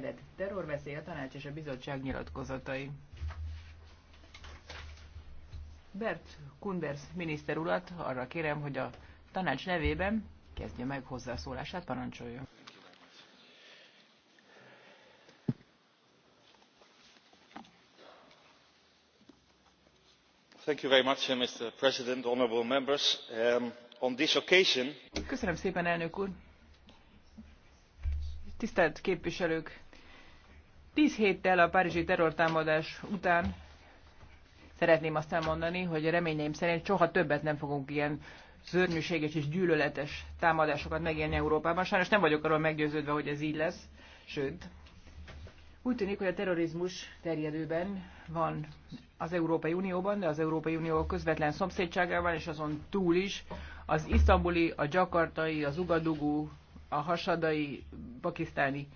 kelet terrorveszély, a tanács és a bizottság nyilatkozatai. Bert Kunders miniszter urat arra kérem, hogy a tanács nevében kezdje meg hozzászólását, very Much, mr president honourable members um, on this occasion tisztelt képviselők! Tíz héttel a párizsi terrortámadás után szeretném azt elmondani, hogy reményeim szerint soha többet nem fogunk ilyen szörnyűséges és gyűlöletes támadásokat megélni Európában. Sajnos nem vagyok arról meggyőződve, hogy ez így lesz, sőt. Úgy tűnik, hogy a terrorizmus terjedőben van az Európai Unióban, de az Európai Unió közvetlen szomszédságában és azon túl is az isztambuli, a gyakartai, az ugadugu, a hasadai, pakisztáni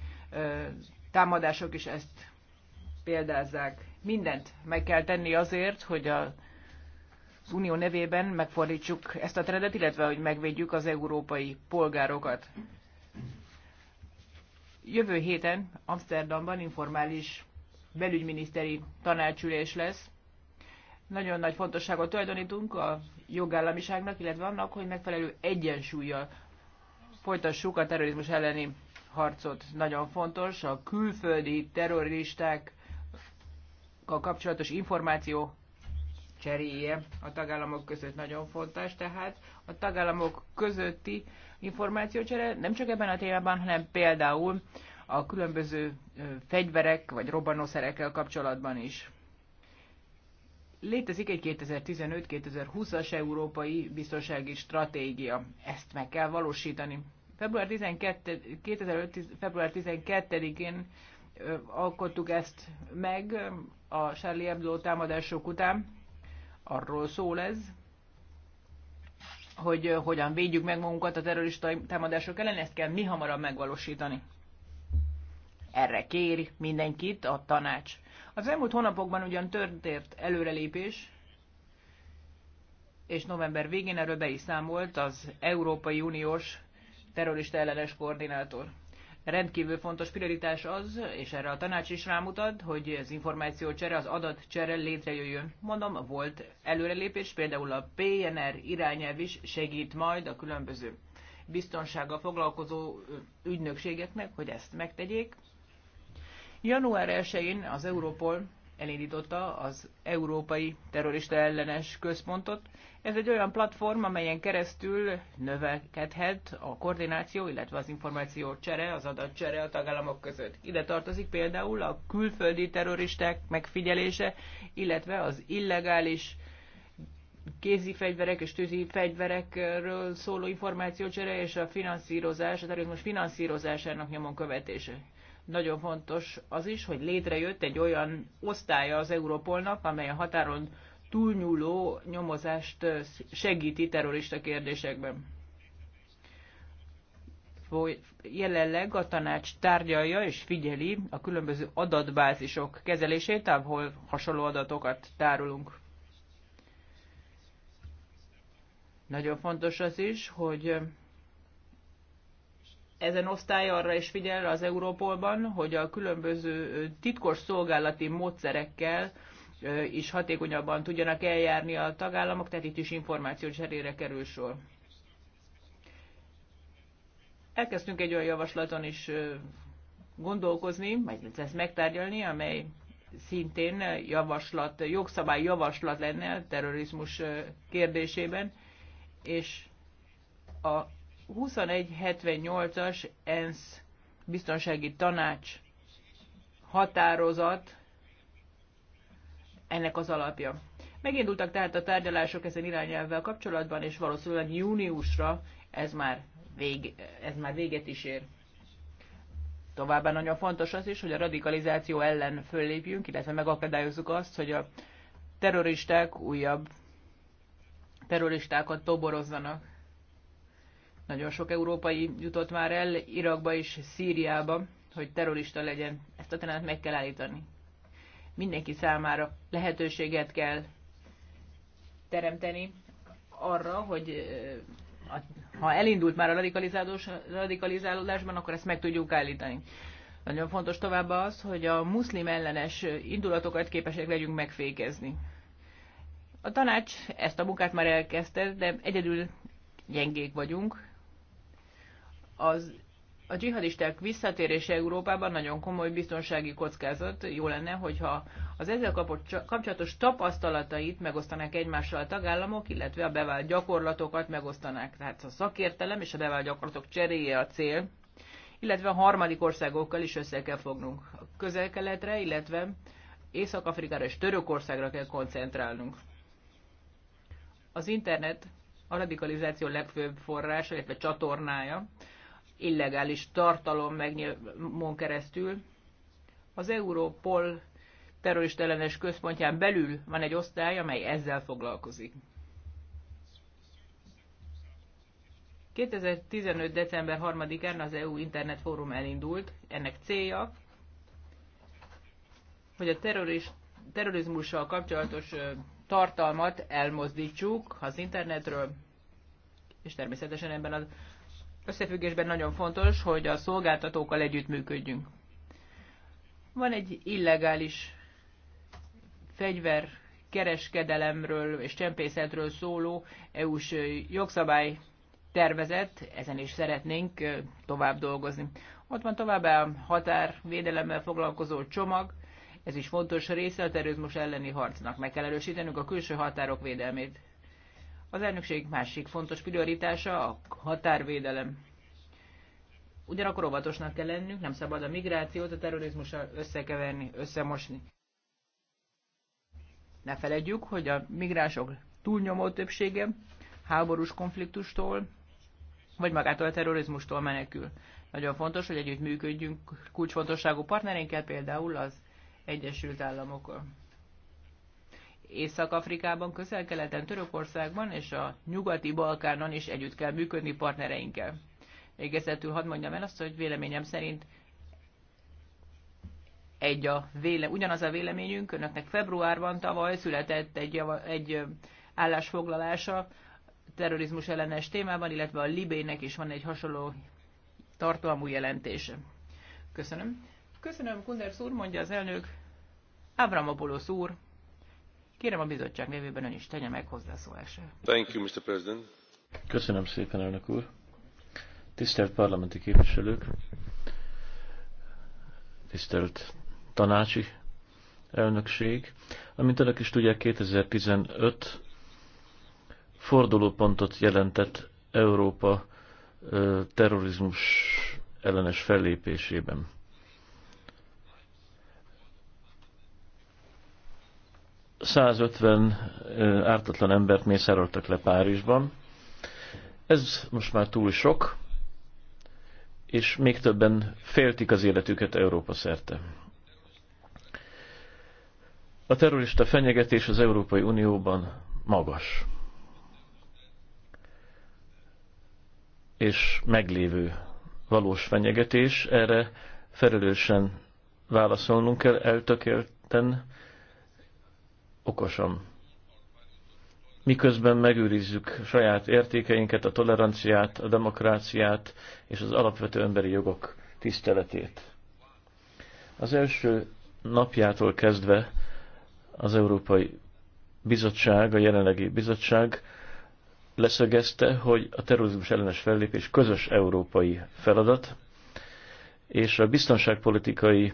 támadások is ezt példázzák. Mindent meg kell tenni azért, hogy a, az unió nevében megfordítsuk ezt a trendet, illetve hogy megvédjük az európai polgárokat. Jövő héten Amsterdamban informális belügyminiszteri tanácsülés lesz. Nagyon nagy fontosságot tulajdonítunk a jogállamiságnak, illetve annak, hogy megfelelő egyensúlyjal folytassuk a terrorizmus elleni harcot. Nagyon fontos a külföldi terroristákkal kapcsolatos információ cseréje a tagállamok között nagyon fontos, tehát a tagállamok közötti információcsere nem csak ebben a témában, hanem például a különböző fegyverek vagy robbanószerekkel kapcsolatban is. Létezik egy 2015-2020-as európai biztonsági stratégia. Ezt meg kell valósítani. Február 12, 2005. február 12-én alkottuk ezt meg a Charlie Hebdo támadások után. Arról szól ez, hogy hogyan védjük meg magunkat a terrorista támadások ellen, ezt kell mi hamarabb megvalósítani. Erre kéri mindenkit a tanács. Az elmúlt hónapokban ugyan történt előrelépés, és november végén erről be is számolt az Európai Uniós terrorista ellenes koordinátor. Rendkívül fontos prioritás az, és erre a tanács is rámutat, hogy az csere, az csere létrejöjjön. Mondom, volt előrelépés, például a PNR irányelv is segít majd a különböző biztonsággal foglalkozó ügynökségeknek, hogy ezt megtegyék. Január 1-én az Europol elindította az Európai Terrorista Ellenes Központot. Ez egy olyan platform, amelyen keresztül növekedhet a koordináció, illetve az információ csere, az adatcsere a tagállamok között. Ide tartozik például a külföldi terroristák megfigyelése, illetve az illegális kézi fegyverek és tűzi fegyverekről szóló információcsere és a finanszírozás, a terrorizmus finanszírozásának nyomon követése. Nagyon fontos az is, hogy létrejött egy olyan osztálya az Európolnak, amely a határon túlnyúló nyomozást segíti terrorista kérdésekben. Jelenleg a tanács tárgyalja és figyeli a különböző adatbázisok kezelését, ahol hasonló adatokat tárolunk. Nagyon fontos az is, hogy ezen osztály arra is figyel az Európolban, hogy a különböző titkos szolgálati módszerekkel is hatékonyabban tudjanak eljárni a tagállamok, tehát itt is információ cserére kerül sor. Elkezdtünk egy olyan javaslaton is gondolkozni, vagy ezt megtárgyalni, amely szintén javaslat, jogszabály javaslat lenne a terrorizmus kérdésében, és a 2178-as ENSZ biztonsági tanács határozat ennek az alapja. Megindultak tehát a tárgyalások ezen irányelvvel kapcsolatban, és valószínűleg júniusra ez már, vég, ez már véget is ér. Továbbá nagyon fontos az is, hogy a radikalizáció ellen föllépjünk, illetve megakadályozzuk azt, hogy a terroristák újabb terroristákat toborozzanak. Nagyon sok európai jutott már el Irakba és Szíriába, hogy terrorista legyen. Ezt a tenát meg kell állítani. Mindenki számára lehetőséget kell teremteni arra, hogy ha elindult már a radikalizálódásban, akkor ezt meg tudjuk állítani. Nagyon fontos továbbá az, hogy a muszlim ellenes indulatokat képesek legyünk megfékezni. A tanács ezt a munkát már elkezdte, de egyedül gyengék vagyunk az a dzsihadisták visszatérése Európában nagyon komoly biztonsági kockázat. Jó lenne, hogyha az ezzel kapcsolatos tapasztalatait megosztanák egymással a tagállamok, illetve a bevált gyakorlatokat megosztanák. Tehát a szakértelem és a bevált gyakorlatok cseréje a cél, illetve a harmadik országokkal is össze kell fognunk. A közel-keletre, illetve Észak-Afrikára és Törökországra kell koncentrálnunk. Az internet a radikalizáció legfőbb forrása, illetve csatornája illegális tartalom megnyilvon keresztül. Az Europol terrorista központján belül van egy osztály, amely ezzel foglalkozik. 2015. december 3-án az EU Internet Fórum elindult. Ennek célja, hogy a terroris, terrorizmussal kapcsolatos tartalmat elmozdítsuk az internetről, és természetesen ebben az összefüggésben nagyon fontos, hogy a szolgáltatókkal együttműködjünk. Van egy illegális fegyver kereskedelemről és csempészetről szóló EU-s jogszabály tervezet, ezen is szeretnénk tovább dolgozni. Ott van továbbá a határvédelemmel foglalkozó csomag, ez is fontos része a terrorizmus elleni harcnak. Meg kell erősítenünk a külső határok védelmét. Az elnökség másik fontos prioritása a határvédelem. Ugyanakkor óvatosnak kell lennünk, nem szabad a migrációt a terrorizmussal összekeverni, összemosni. Ne feledjük, hogy a migránsok túlnyomó többsége háborús konfliktustól, vagy magától a terrorizmustól menekül. Nagyon fontos, hogy együtt működjünk kulcsfontosságú partnerénkkel, például az Egyesült Államokkal. Észak-Afrikában, Közel-Keleten, Törökországban és a nyugati Balkánon is együtt kell működni partnereinkkel. Végezetül hadd mondjam el azt, hogy véleményem szerint egy a véle, ugyanaz a véleményünk, önöknek februárban tavaly született egy, egy állásfoglalása terrorizmus ellenes témában, illetve a Libének is van egy hasonló tartalmú jelentése. Köszönöm. Köszönöm, Kunders úr, mondja az elnök. Avramopoulos úr, Kérem a bizottság nevében ön is tegye meg hozzászólását. Thank you, Mr. President. Köszönöm szépen, elnök úr. Tisztelt parlamenti képviselők, tisztelt tanácsi elnökség. Amint önök is tudják, 2015 fordulópontot jelentett Európa terrorizmus ellenes fellépésében. 150 ártatlan embert mészároltak le Párizsban. Ez most már túl sok, és még többen féltik az életüket Európa szerte. A terrorista fenyegetés az Európai Unióban magas. És meglévő valós fenyegetés, erre felelősen válaszolnunk kell eltökélten, okosan. Miközben megőrizzük saját értékeinket, a toleranciát, a demokráciát és az alapvető emberi jogok tiszteletét. Az első napjától kezdve az Európai Bizottság, a jelenlegi bizottság leszögezte, hogy a terrorizmus ellenes fellépés közös európai feladat, és a biztonságpolitikai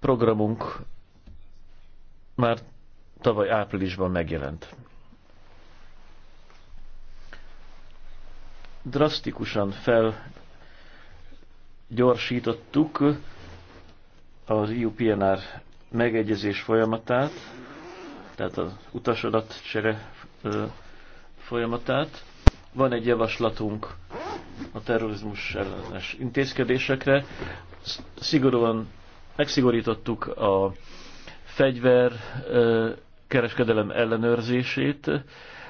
programunk már tavaly áprilisban megjelent. Drasztikusan felgyorsítottuk az IUPNR er megegyezés folyamatát, tehát az utasadatcsere folyamatát. Van egy javaslatunk a terrorizmus ellenes intézkedésekre. Szigorúan megszigorítottuk a fegyver kereskedelem ellenőrzését.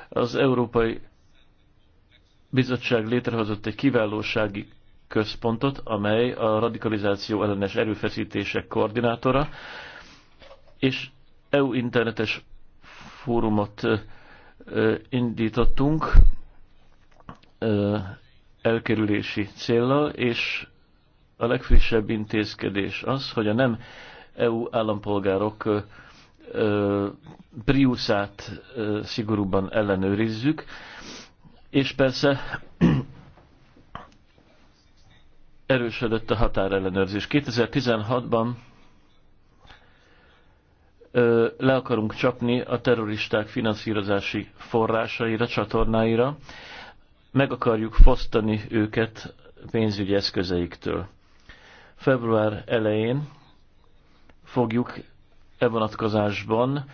Az Európai Bizottság létrehozott egy kiválósági központot, amely a radikalizáció ellenes erőfeszítések koordinátora, és EU internetes fórumot indítottunk elkerülési célra és a legfrissebb intézkedés az, hogy a nem EU állampolgárok Priusát szigorúban ellenőrizzük, és persze erősödött a határellenőrzés. 2016-ban le akarunk csapni a terroristák finanszírozási forrásaira, csatornáira, meg akarjuk fosztani őket pénzügyi eszközeiktől. Február elején fogjuk e vonatkozásban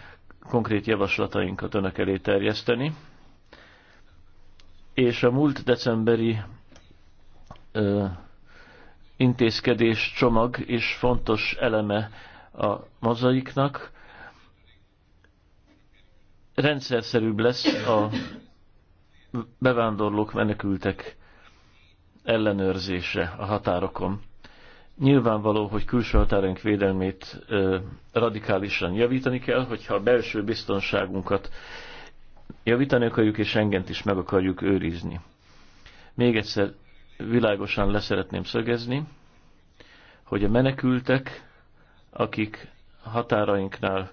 konkrét javaslatainkat önök elé terjeszteni, és a múlt decemberi ö, intézkedés csomag is fontos eleme a mozaiknak. Rendszerszerűbb lesz a bevándorlók, menekültek ellenőrzése a határokon. Nyilvánvaló, hogy külső határaink védelmét ö, radikálisan javítani kell, hogyha a belső biztonságunkat javítani akarjuk, és engent is meg akarjuk őrizni. Még egyszer világosan leszeretném szögezni, hogy a menekültek, akik határainknál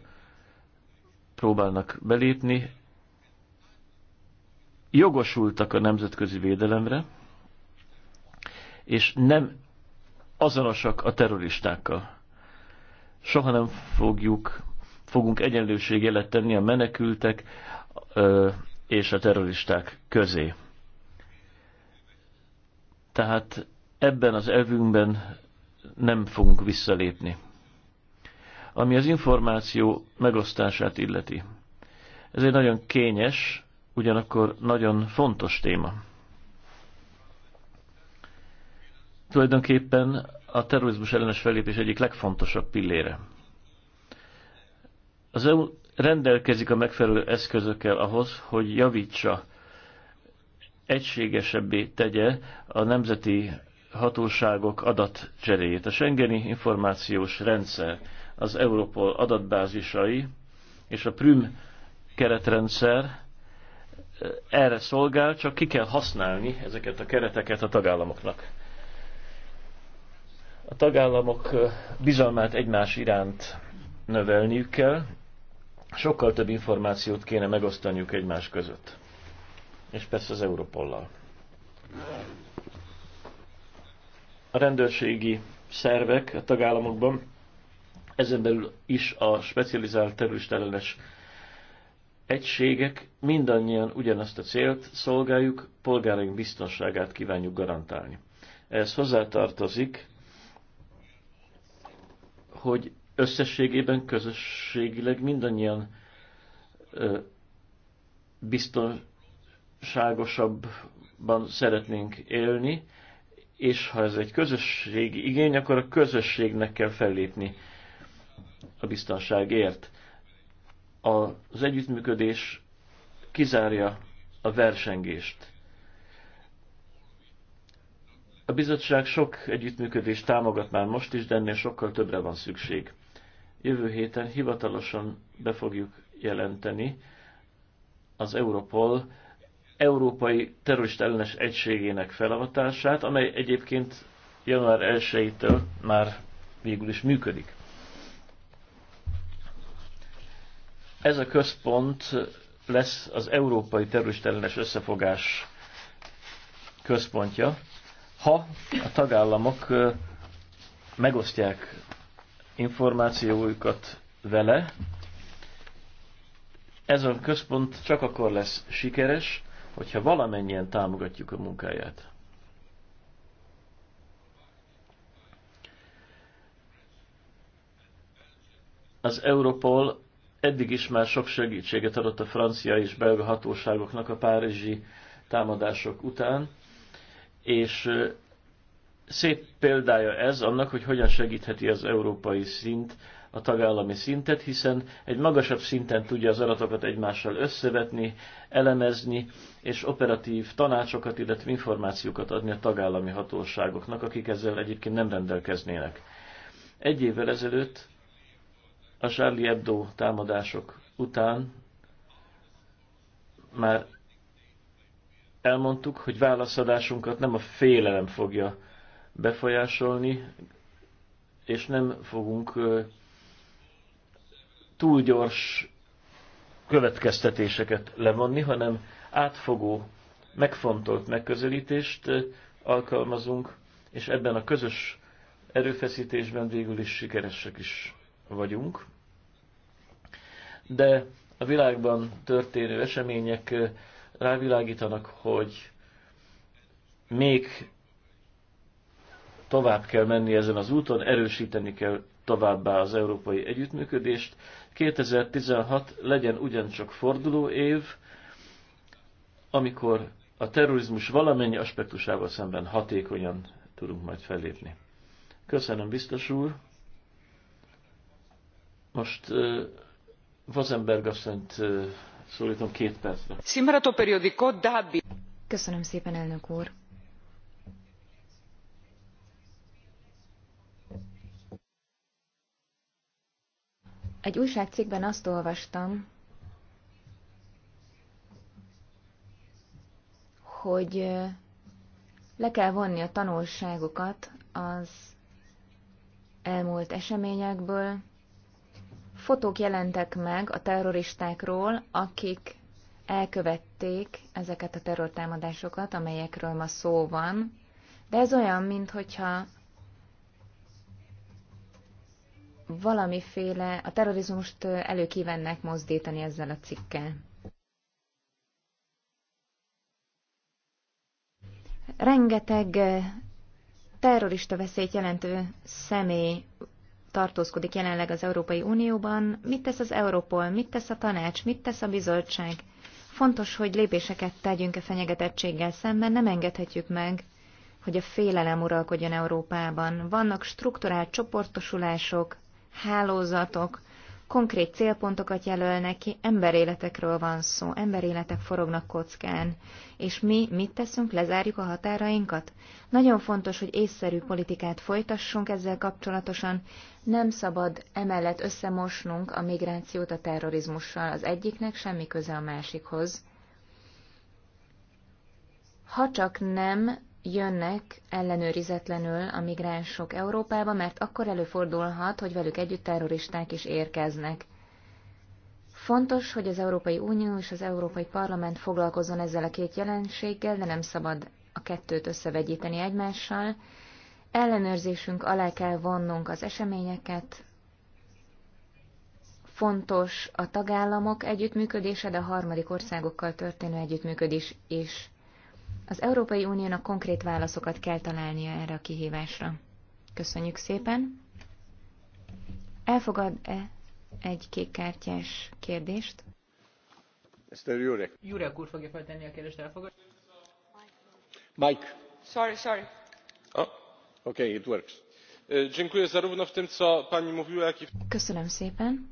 próbálnak belépni, jogosultak a nemzetközi védelemre, és nem azonosak a terroristákkal. Soha nem fogjuk, fogunk egyenlőségjelet tenni a menekültek ö, és a terroristák közé. Tehát ebben az elvünkben nem fogunk visszalépni. Ami az információ megosztását illeti. Ez egy nagyon kényes, ugyanakkor nagyon fontos téma. tulajdonképpen a terrorizmus ellenes fellépés egyik legfontosabb pillére. Az EU rendelkezik a megfelelő eszközökkel ahhoz, hogy javítsa, egységesebbé tegye a nemzeti hatóságok adatcseréjét. A Schengeni információs rendszer, az Europol adatbázisai és a Prüm keretrendszer eh, erre szolgál, csak ki kell használni ezeket a kereteket a tagállamoknak. A tagállamok bizalmát egymás iránt növelniük kell, sokkal több információt kéne megosztaniuk egymás között. És persze az Európollal. A rendőrségi szervek a tagállamokban, ezen belül is a specializált terüstellenes egységek mindannyian ugyanazt a célt szolgáljuk, polgáraink biztonságát kívánjuk garantálni. Ez hozzátartozik hogy összességében közösségileg mindannyian biztonságosabban szeretnénk élni, és ha ez egy közösségi igény, akkor a közösségnek kell fellépni a biztonságért. Az együttműködés kizárja a versengést. A bizottság sok együttműködést támogat már most is, de ennél sokkal többre van szükség. Jövő héten hivatalosan be fogjuk jelenteni az Europol Európai Terrorista Ellenes Egységének felavatását, amely egyébként január 1-től már végül is működik. Ez a központ lesz az Európai Terrorista Ellenes Összefogás központja, ha a tagállamok megosztják információikat vele, ez a központ csak akkor lesz sikeres, hogyha valamennyien támogatjuk a munkáját. Az Europol eddig is már sok segítséget adott a francia és belga hatóságoknak a párizsi támadások után, és szép példája ez annak, hogy hogyan segítheti az európai szint a tagállami szintet, hiszen egy magasabb szinten tudja az adatokat egymással összevetni, elemezni, és operatív tanácsokat, illetve információkat adni a tagállami hatóságoknak, akik ezzel egyébként nem rendelkeznének. Egy évvel ezelőtt a Charlie Hebdo támadások után már elmondtuk, hogy válaszadásunkat nem a félelem fogja befolyásolni, és nem fogunk túl gyors következtetéseket levonni, hanem átfogó, megfontolt megközelítést alkalmazunk, és ebben a közös erőfeszítésben végül is sikeresek is vagyunk. De a világban történő események rávilágítanak, hogy még tovább kell menni ezen az úton, erősíteni kell továbbá az európai együttműködést. 2016 legyen ugyancsak forduló év, amikor a terrorizmus valamennyi aspektusával szemben hatékonyan tudunk majd fellépni. Köszönöm, biztos úr! Most uh, Vazenberg asszonyt uh, szólítom két percre. Szimrato periodikó Dábi. Köszönöm szépen, elnök úr. Egy újságcikkben azt olvastam, hogy le kell vonni a tanulságokat az elmúlt eseményekből, Fotók jelentek meg a terroristákról, akik elkövették ezeket a terrortámadásokat, amelyekről ma szó van, de ez olyan, mintha valamiféle a terrorizmust előkívánnak mozdítani ezzel a cikkel. Rengeteg terrorista veszélyt jelentő személy tartózkodik jelenleg az Európai Unióban, mit tesz az Európol, mit tesz a tanács, mit tesz a bizottság. Fontos, hogy lépéseket tegyünk a fenyegetettséggel szemben, nem engedhetjük meg, hogy a félelem uralkodjon Európában. Vannak strukturált csoportosulások, hálózatok, konkrét célpontokat jelölnek ki, emberéletekről van szó, emberéletek forognak kockán. És mi mit teszünk, lezárjuk a határainkat? Nagyon fontos, hogy észszerű politikát folytassunk ezzel kapcsolatosan, nem szabad emellett összemosnunk a migrációt a terrorizmussal, az egyiknek semmi köze a másikhoz. Ha csak nem jönnek ellenőrizetlenül a migránsok Európába, mert akkor előfordulhat, hogy velük együtt terroristák is érkeznek. Fontos, hogy az Európai Unió és az Európai Parlament foglalkozzon ezzel a két jelenséggel, de nem szabad a kettőt összevegyíteni egymással. Ellenőrzésünk alá kell vonnunk az eseményeket. Fontos a tagállamok együttműködése, de a harmadik országokkal történő együttműködés is. Az Európai Uniónak konkrét válaszokat kell találnia erre a kihívásra. Köszönjük szépen. Elfogad-e egy kékkártyás kérdést? Mr. Jurek. Jurek úr fogja feltenni a kérdést, elfogad? Mike. Sorry, sorry. Oh, okay, it works. E, dziękuję zarówno w tym, co pani mówiła, jak i Köszönöm szépen.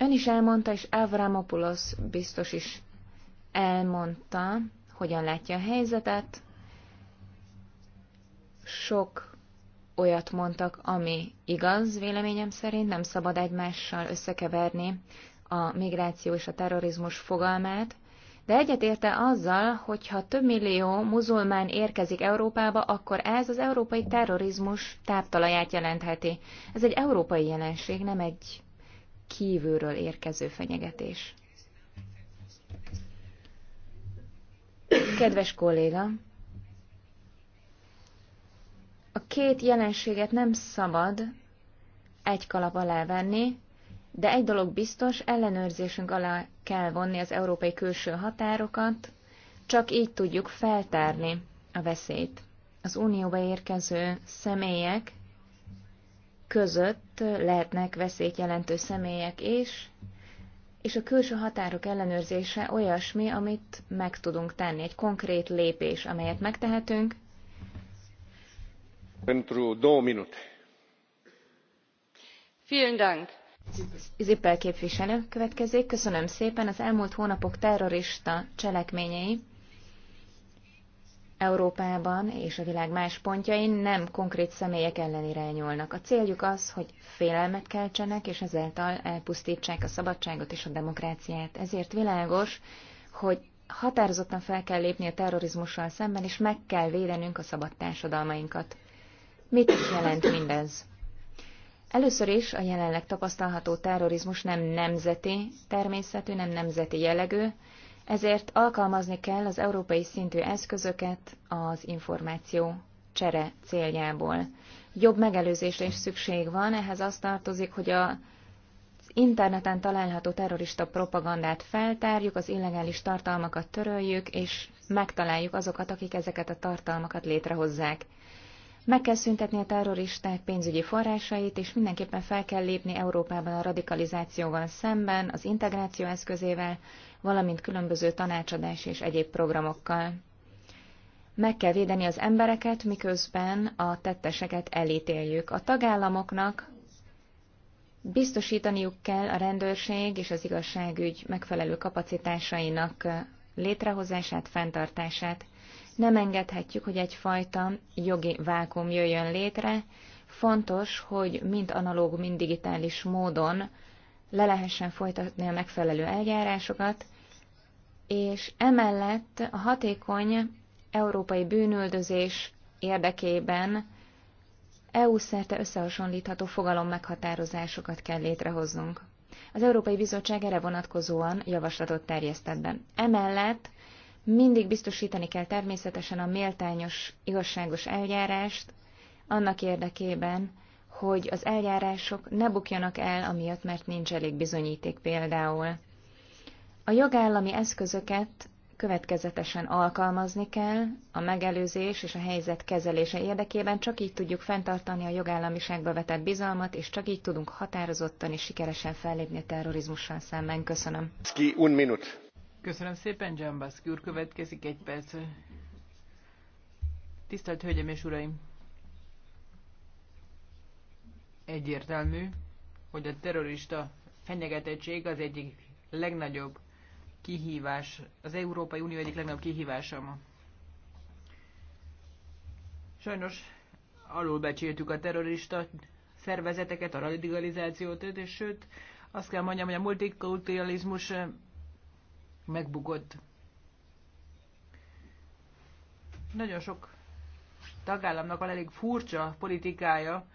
Ön is elmondta, és Avramopoulos biztos is elmondta, hogyan látja a helyzetet. Sok olyat mondtak, ami igaz, véleményem szerint nem szabad egymással összekeverni a migráció és a terrorizmus fogalmát, de egyetérte azzal, hogy ha több millió muzulmán érkezik Európába, akkor ez az európai terrorizmus táptalaját jelentheti. Ez egy európai jelenség, nem egy kívülről érkező fenyegetés. Kedves kolléga, a két jelenséget nem szabad egy kalap alá venni, de egy dolog biztos, ellenőrzésünk alá kell vonni az európai külső határokat, csak így tudjuk feltárni a veszélyt. Az unióba érkező személyek között lehetnek veszélyt jelentő személyek is, és a külső határok ellenőrzése olyasmi, amit meg tudunk tenni, egy konkrét lépés, amelyet megtehetünk. Pentru două minute. Vielen Dank. Zippel képviselő következik. Köszönöm szépen. Az elmúlt hónapok terrorista cselekményei Európában és a világ más pontjain nem konkrét személyek ellen irányulnak. A céljuk az, hogy félelmet keltsenek, és ezáltal elpusztítsák a szabadságot és a demokráciát. Ezért világos, hogy határozottan fel kell lépni a terrorizmussal szemben, és meg kell védenünk a szabad társadalmainkat. Mit is jelent mindez? Először is a jelenleg tapasztalható terrorizmus nem nemzeti természetű, nem nemzeti jellegű, ezért alkalmazni kell az európai szintű eszközöket az információ csere céljából. Jobb megelőzésre is szükség van, ehhez azt tartozik, hogy a interneten található terrorista propagandát feltárjuk, az illegális tartalmakat töröljük, és megtaláljuk azokat, akik ezeket a tartalmakat létrehozzák. Meg kell szüntetni a terroristák pénzügyi forrásait, és mindenképpen fel kell lépni Európában a radikalizációval szemben, az integráció eszközével, valamint különböző tanácsadás és egyéb programokkal. Meg kell védeni az embereket, miközben a tetteseket elítéljük. A tagállamoknak biztosítaniuk kell a rendőrség és az igazságügy megfelelő kapacitásainak létrehozását, fenntartását. Nem engedhetjük, hogy egyfajta jogi vákum jöjjön létre. Fontos, hogy mind analóg, mind digitális módon le lehessen folytatni a megfelelő eljárásokat, és emellett a hatékony európai bűnöldözés érdekében EU-szerte összehasonlítható fogalom meghatározásokat kell létrehoznunk. Az Európai Bizottság erre vonatkozóan javaslatot terjesztett be. Emellett mindig biztosítani kell természetesen a méltányos, igazságos eljárást, annak érdekében, hogy az eljárások ne bukjanak el, amiatt, mert nincs elég bizonyíték például. A jogállami eszközöket következetesen alkalmazni kell a megelőzés és a helyzet kezelése érdekében, csak így tudjuk fenntartani a jogállamiságba vetett bizalmat, és csak így tudunk határozottan és sikeresen fellépni a terrorizmussal szemben. Köszönöm. Ski, un minut. Köszönöm szépen, Jambaszki úr. Következik egy perc. Tisztelt Hölgyeim és Uraim! egyértelmű, hogy a terrorista fenyegetettség az egyik legnagyobb kihívás, az Európai Unió egyik legnagyobb kihívása ma. Sajnos alulbecsültük a terrorista szervezeteket, a radikalizációt, és sőt, azt kell mondjam, hogy a multikulturalizmus eh, megbukott. Nagyon sok tagállamnak van elég furcsa politikája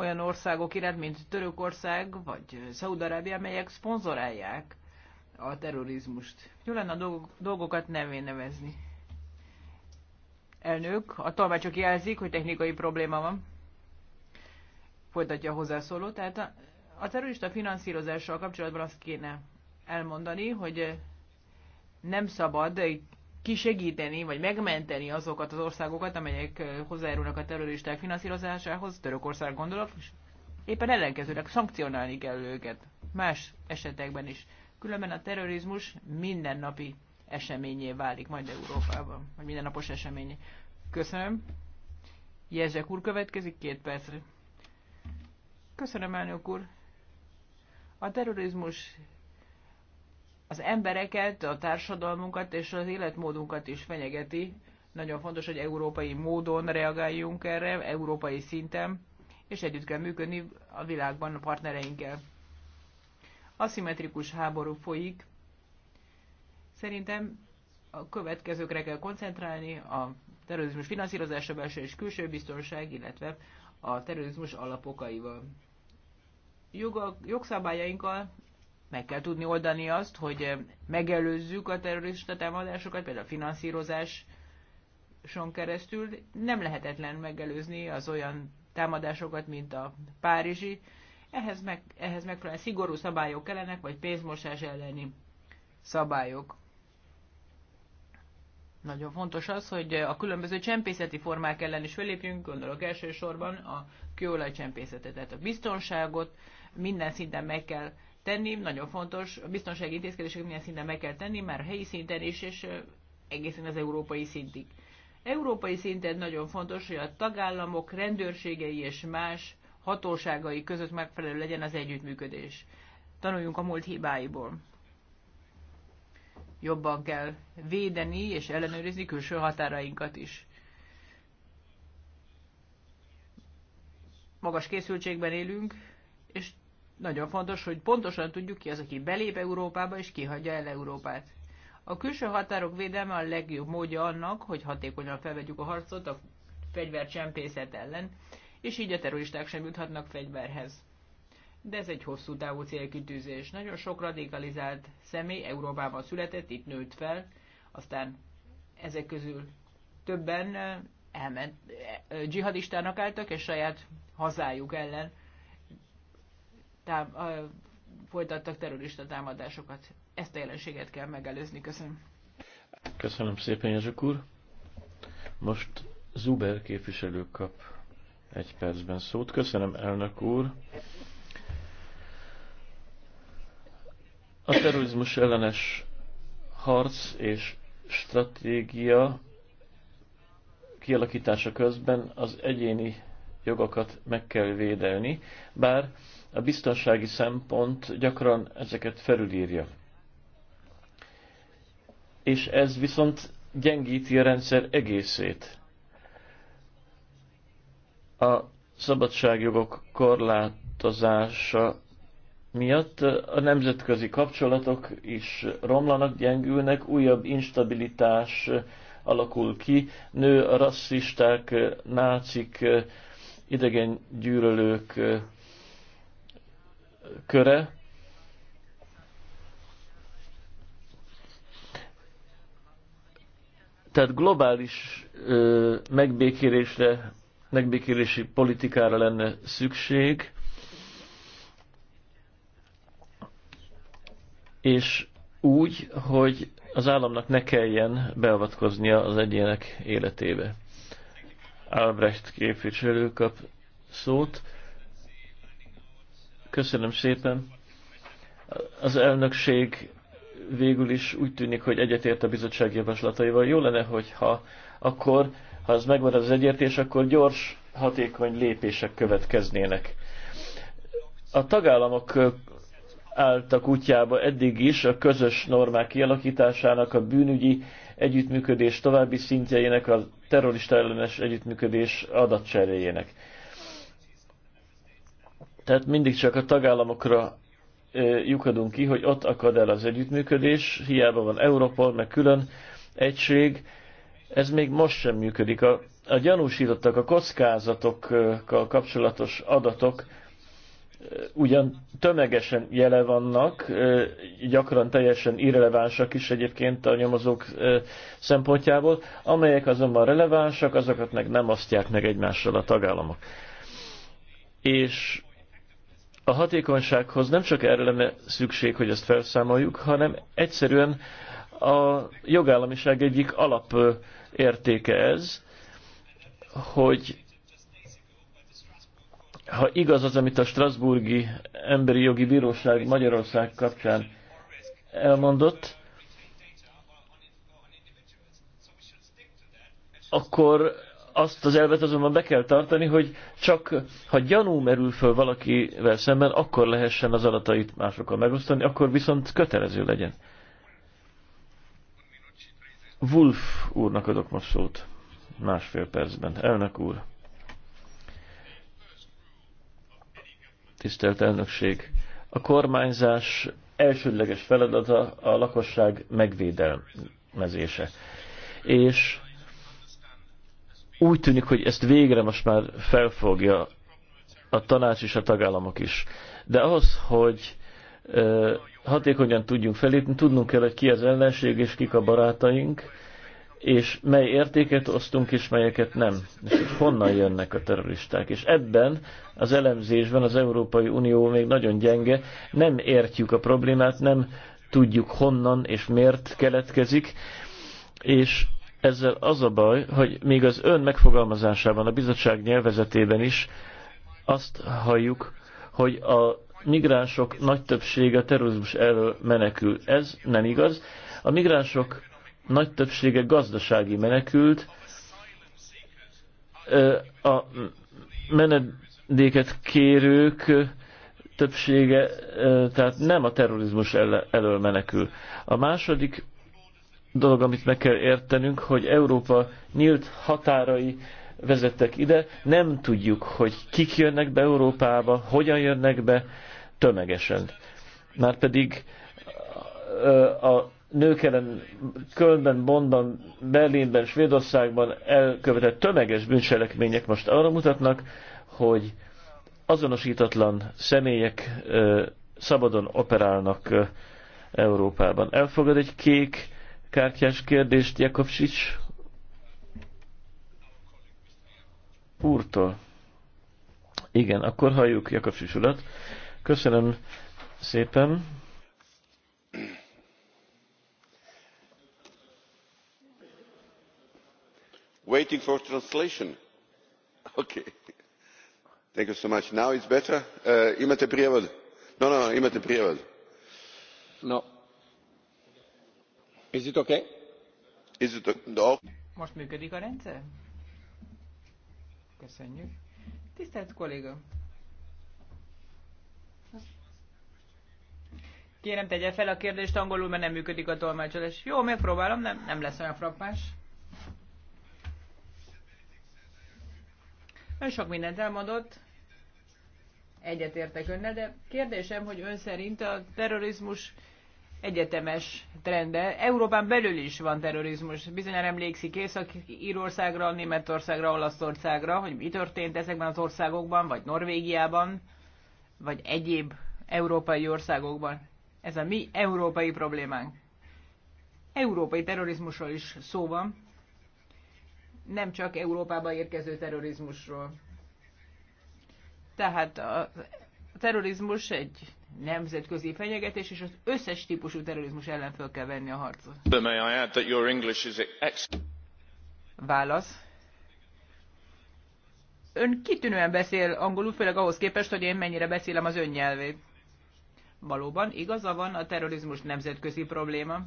olyan országok iránt, mint Törökország vagy Szaudarábia, melyek szponzorálják a terrorizmust. Jó lenne a dolgokat nevén nevezni. Elnök, a tolmácsok jelzik, hogy technikai probléma van. Folytatja a hozzászóló. Tehát a, a terrorista finanszírozással kapcsolatban azt kéne elmondani, hogy nem szabad kisegíteni, vagy megmenteni azokat az országokat, amelyek hozzájárulnak a terroristák finanszírozásához, Törökország gondolok, és éppen ellenkezőleg szankcionálni kell őket más esetekben is. Különben a terrorizmus mindennapi eseményé válik majd Európában, vagy mindennapos eseményé. Köszönöm. Jezsek úr következik két percre. Köszönöm, elnök úr. A terrorizmus az embereket, a társadalmunkat és az életmódunkat is fenyegeti. Nagyon fontos, hogy európai módon reagáljunk erre, európai szinten, és együtt kell működni a világban a partnereinkkel. Aszimmetrikus háború folyik. Szerintem a következőkre kell koncentrálni, a terrorizmus finanszírozása, belső és külső biztonság, illetve a terrorizmus alapokaival. Jogok, jogszabályainkkal meg kell tudni oldani azt, hogy eh, megelőzzük a terrorista támadásokat, például a finanszírozáson keresztül. Nem lehetetlen megelőzni az olyan támadásokat, mint a párizsi. Ehhez, meg, ehhez megfelelően szigorú szabályok kellenek, vagy pénzmosás elleni szabályok. Nagyon fontos az, hogy a különböző csempészeti formák ellen is felépjünk, gondolok elsősorban a csempészetet, tehát a biztonságot minden szinten meg kell tenni, nagyon fontos, a biztonsági intézkedések milyen szinten meg kell tenni, már a helyi szinten is, és egészen az európai szintig. Európai szinten nagyon fontos, hogy a tagállamok rendőrségei és más hatóságai között megfelelő legyen az együttműködés. Tanuljunk a múlt hibáiból. Jobban kell védeni és ellenőrizni külső határainkat is. Magas készültségben élünk, nagyon fontos, hogy pontosan tudjuk ki az, aki belép Európába és kihagyja el Európát. A külső határok védelme a legjobb módja annak, hogy hatékonyan felvegyük a harcot a fegyvercsempészet ellen, és így a terroristák sem juthatnak fegyverhez. De ez egy hosszú távú célkitűzés. Nagyon sok radikalizált személy Európában született, itt nőtt fel, aztán ezek közül többen eh, elment, eh, dzsihadistának álltak, és saját hazájuk ellen tám- folytattak terrorista támadásokat. Ezt a jelenséget kell megelőzni. Köszönöm. Köszönöm szépen, Jezsek úr. Most Zuber képviselő kap egy percben szót. Köszönöm, elnök úr. A terrorizmus ellenes harc és stratégia kialakítása közben az egyéni jogokat meg kell védelni, bár a biztonsági szempont gyakran ezeket felülírja. És ez viszont gyengíti a rendszer egészét. A szabadságjogok korlátozása miatt a nemzetközi kapcsolatok is romlanak, gyengülnek, újabb instabilitás alakul ki, nő a rasszisták, nácik, idegen gyűlölők köre. Tehát globális megbékélésre, megbékélési politikára lenne szükség, és úgy, hogy az államnak ne kelljen beavatkoznia az egyének életébe. Albrecht képviselő kap szót. Köszönöm szépen. Az elnökség végül is úgy tűnik, hogy egyetért a bizottság javaslataival. Jó lenne, hogyha akkor, ha ez megvan az egyértés, akkor gyors, hatékony lépések következnének. A tagállamok álltak útjába eddig is a közös normák kialakításának, a bűnügyi együttműködés további szintjeinek, a terrorista ellenes együttműködés adatcseréjének. Tehát mindig csak a tagállamokra lyukadunk ki, hogy ott akad el az együttműködés, hiába van Europol, meg külön egység, ez még most sem működik. A, a gyanúsítottak, a kockázatokkal kapcsolatos adatok ugyan tömegesen jele vannak, gyakran teljesen irrelevánsak is egyébként a nyomozók szempontjából, amelyek azonban relevánsak, azokat meg nem osztják meg egymással a tagállamok. És a hatékonysághoz nem csak erre lenne szükség, hogy ezt felszámoljuk, hanem egyszerűen a jogállamiság egyik alapértéke ez, hogy ha igaz az, amit a Strasburgi Emberi Jogi Bíróság Magyarország kapcsán elmondott, akkor azt az elvet azonban be kell tartani, hogy csak ha gyanú merül föl valakivel szemben, akkor lehessen az adatait másokkal megosztani, akkor viszont kötelező legyen. Wolf úrnak adok most szót. Másfél percben. Elnök úr. tisztelt elnökség. A kormányzás elsődleges feladata a lakosság megvédelmezése. És úgy tűnik, hogy ezt végre most már felfogja a tanács és a tagállamok is. De ahhoz, hogy hatékonyan tudjunk felépni, tudnunk kell, hogy ki az ellenség és kik a barátaink, és mely értéket osztunk, és melyeket nem, és hogy honnan jönnek a terroristák. És ebben az elemzésben az Európai Unió még nagyon gyenge, nem értjük a problémát, nem tudjuk honnan és miért keletkezik, és ezzel az a baj, hogy még az ön megfogalmazásában, a bizottság nyelvezetében is azt halljuk, hogy a migránsok nagy többsége a terrorizmus elől menekül. Ez nem igaz. A migránsok nagy többsége gazdasági menekült, a menedéket kérők többsége tehát nem a terrorizmus elől menekül. A második dolog, amit meg kell értenünk, hogy Európa nyílt határai vezettek ide, nem tudjuk, hogy kik jönnek be Európába, hogyan jönnek be tömegesen. Márpedig a nők ellen Kölnben, Bonnban, Berlinben, Svédországban elkövetett tömeges bűncselekmények most arra mutatnak, hogy azonosítatlan személyek szabadon operálnak Európában. Elfogad egy kék kártyás kérdést Jakovcsics úrtól. Igen, akkor halljuk Jakovcsics urat. Köszönöm szépen. waiting for translation. Okay. Thank you so much. Now it's better. Uh, imate prijevod? No, no, imate prijevod. No. Is it okay? Is it no. Most működik a rendszer? Köszönjük. Tisztelt kolléga! Kérem, tegye fel a kérdést angolul, mert nem működik a tolmácsolás. Jó, megpróbálom, nem, nem lesz olyan frappáns. Ön sok mindent elmondott, egyetértek önnel, de kérdésem, hogy ön szerint a terrorizmus egyetemes trende. Európán belül is van terrorizmus. Bizonyára emlékszik Észak-Írországra, Németországra, Olaszországra, hogy mi történt ezekben az országokban, vagy Norvégiában, vagy egyéb európai országokban. Ez a mi európai problémánk. Európai terrorizmusról is szó van nem csak Európába érkező terrorizmusról. Tehát a terrorizmus egy nemzetközi fenyegetés, és az összes típusú terrorizmus ellen fel kell venni a harcot. Válasz. Ön kitűnően beszél angolul, főleg ahhoz képest, hogy én mennyire beszélem az ön nyelvét. Valóban, igaza van, a terrorizmus nemzetközi probléma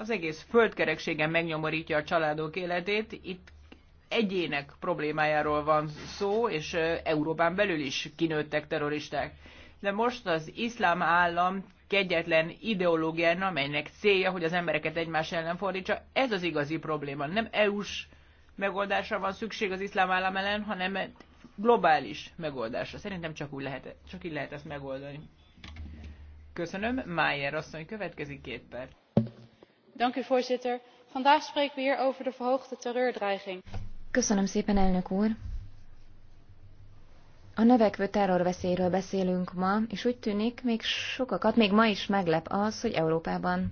az egész földkerekségen megnyomorítja a családok életét. Itt egyének problémájáról van szó, és Európán belül is kinőttek terroristák. De most az iszlám állam kegyetlen ideológián, amelynek célja, hogy az embereket egymás ellen fordítsa, ez az igazi probléma. Nem EU-s megoldásra van szükség az iszlám állam ellen, hanem globális megoldásra. Szerintem csak, úgy lehet, csak így lehet ezt megoldani. Köszönöm. Májer asszony következik két perc voorzitter vandaag spreken we hier over de verhoogde terreurdreiging. köszönöm szépen a növekvő terrorveszélyről beszélünk ma és úgy tűnik még sokakat még ma is meglep az hogy európában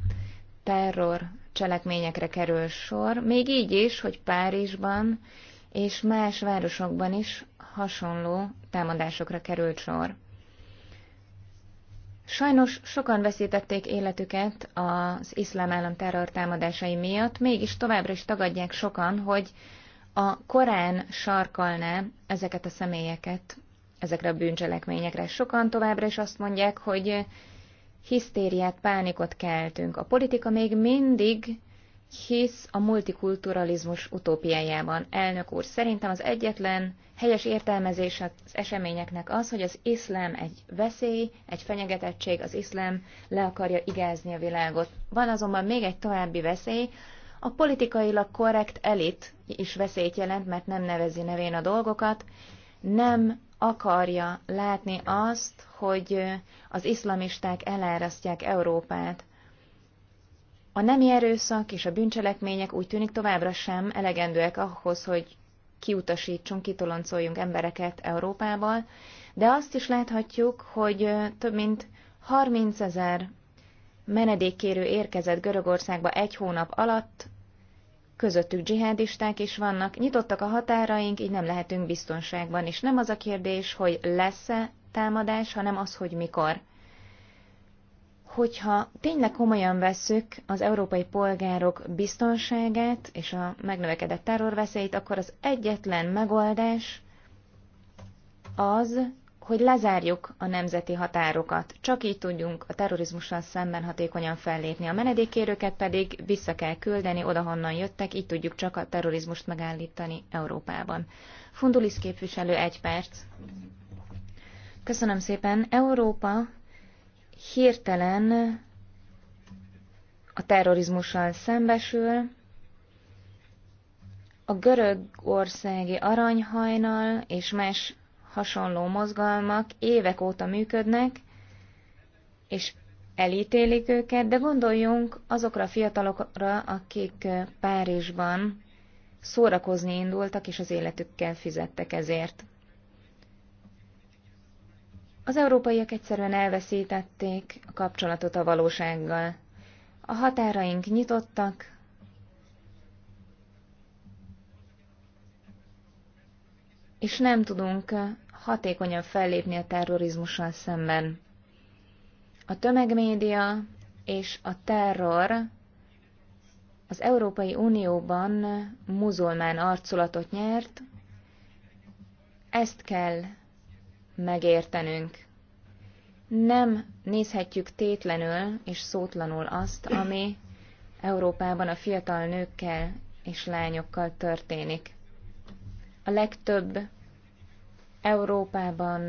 terror cselekményekre kerül sor még így is hogy párizsban és más városokban is hasonló támadásokra került sor. Sajnos sokan veszítették életüket az iszlám állam támadásai miatt, mégis továbbra is tagadják sokan, hogy a Korán sarkalná ezeket a személyeket ezekre a bűncselekményekre. Sokan továbbra is azt mondják, hogy hisztériát, pánikot keltünk. A politika még mindig hisz a multikulturalizmus utópiájában. Elnök úr, szerintem az egyetlen helyes értelmezés az eseményeknek az, hogy az iszlám egy veszély, egy fenyegetettség, az iszlám le akarja igázni a világot. Van azonban még egy további veszély, a politikailag korrekt elit is veszélyt jelent, mert nem nevezi nevén a dolgokat, nem akarja látni azt, hogy az iszlamisták elárasztják Európát. A nemi erőszak és a bűncselekmények úgy tűnik továbbra sem elegendőek ahhoz, hogy kiutasítsunk, kitoloncoljunk embereket Európából, de azt is láthatjuk, hogy több mint 30 ezer menedékkérő érkezett Görögországba egy hónap alatt, közöttük dzsihádisták is vannak, nyitottak a határaink, így nem lehetünk biztonságban, és nem az a kérdés, hogy lesz-e támadás, hanem az, hogy mikor hogyha tényleg komolyan vesszük az európai polgárok biztonságát és a megnövekedett terrorveszélyt, akkor az egyetlen megoldás az, hogy lezárjuk a nemzeti határokat. Csak így tudjunk a terrorizmussal szemben hatékonyan fellépni. A menedékkérőket pedig vissza kell küldeni, oda, honnan jöttek, így tudjuk csak a terrorizmust megállítani Európában. Fundulis képviselő, egy perc. Köszönöm szépen. Európa hirtelen a terrorizmussal szembesül, a görögországi aranyhajnal és más hasonló mozgalmak évek óta működnek, és elítélik őket, de gondoljunk azokra a fiatalokra, akik Párizsban szórakozni indultak, és az életükkel fizettek ezért. Az európaiak egyszerűen elveszítették a kapcsolatot a valósággal. A határaink nyitottak, és nem tudunk hatékonyan fellépni a terrorizmussal szemben. A tömegmédia és a terror az Európai Unióban muzulmán arculatot nyert, ezt kell megértenünk. Nem nézhetjük tétlenül és szótlanul azt, ami Európában a fiatal nőkkel és lányokkal történik. A legtöbb Európában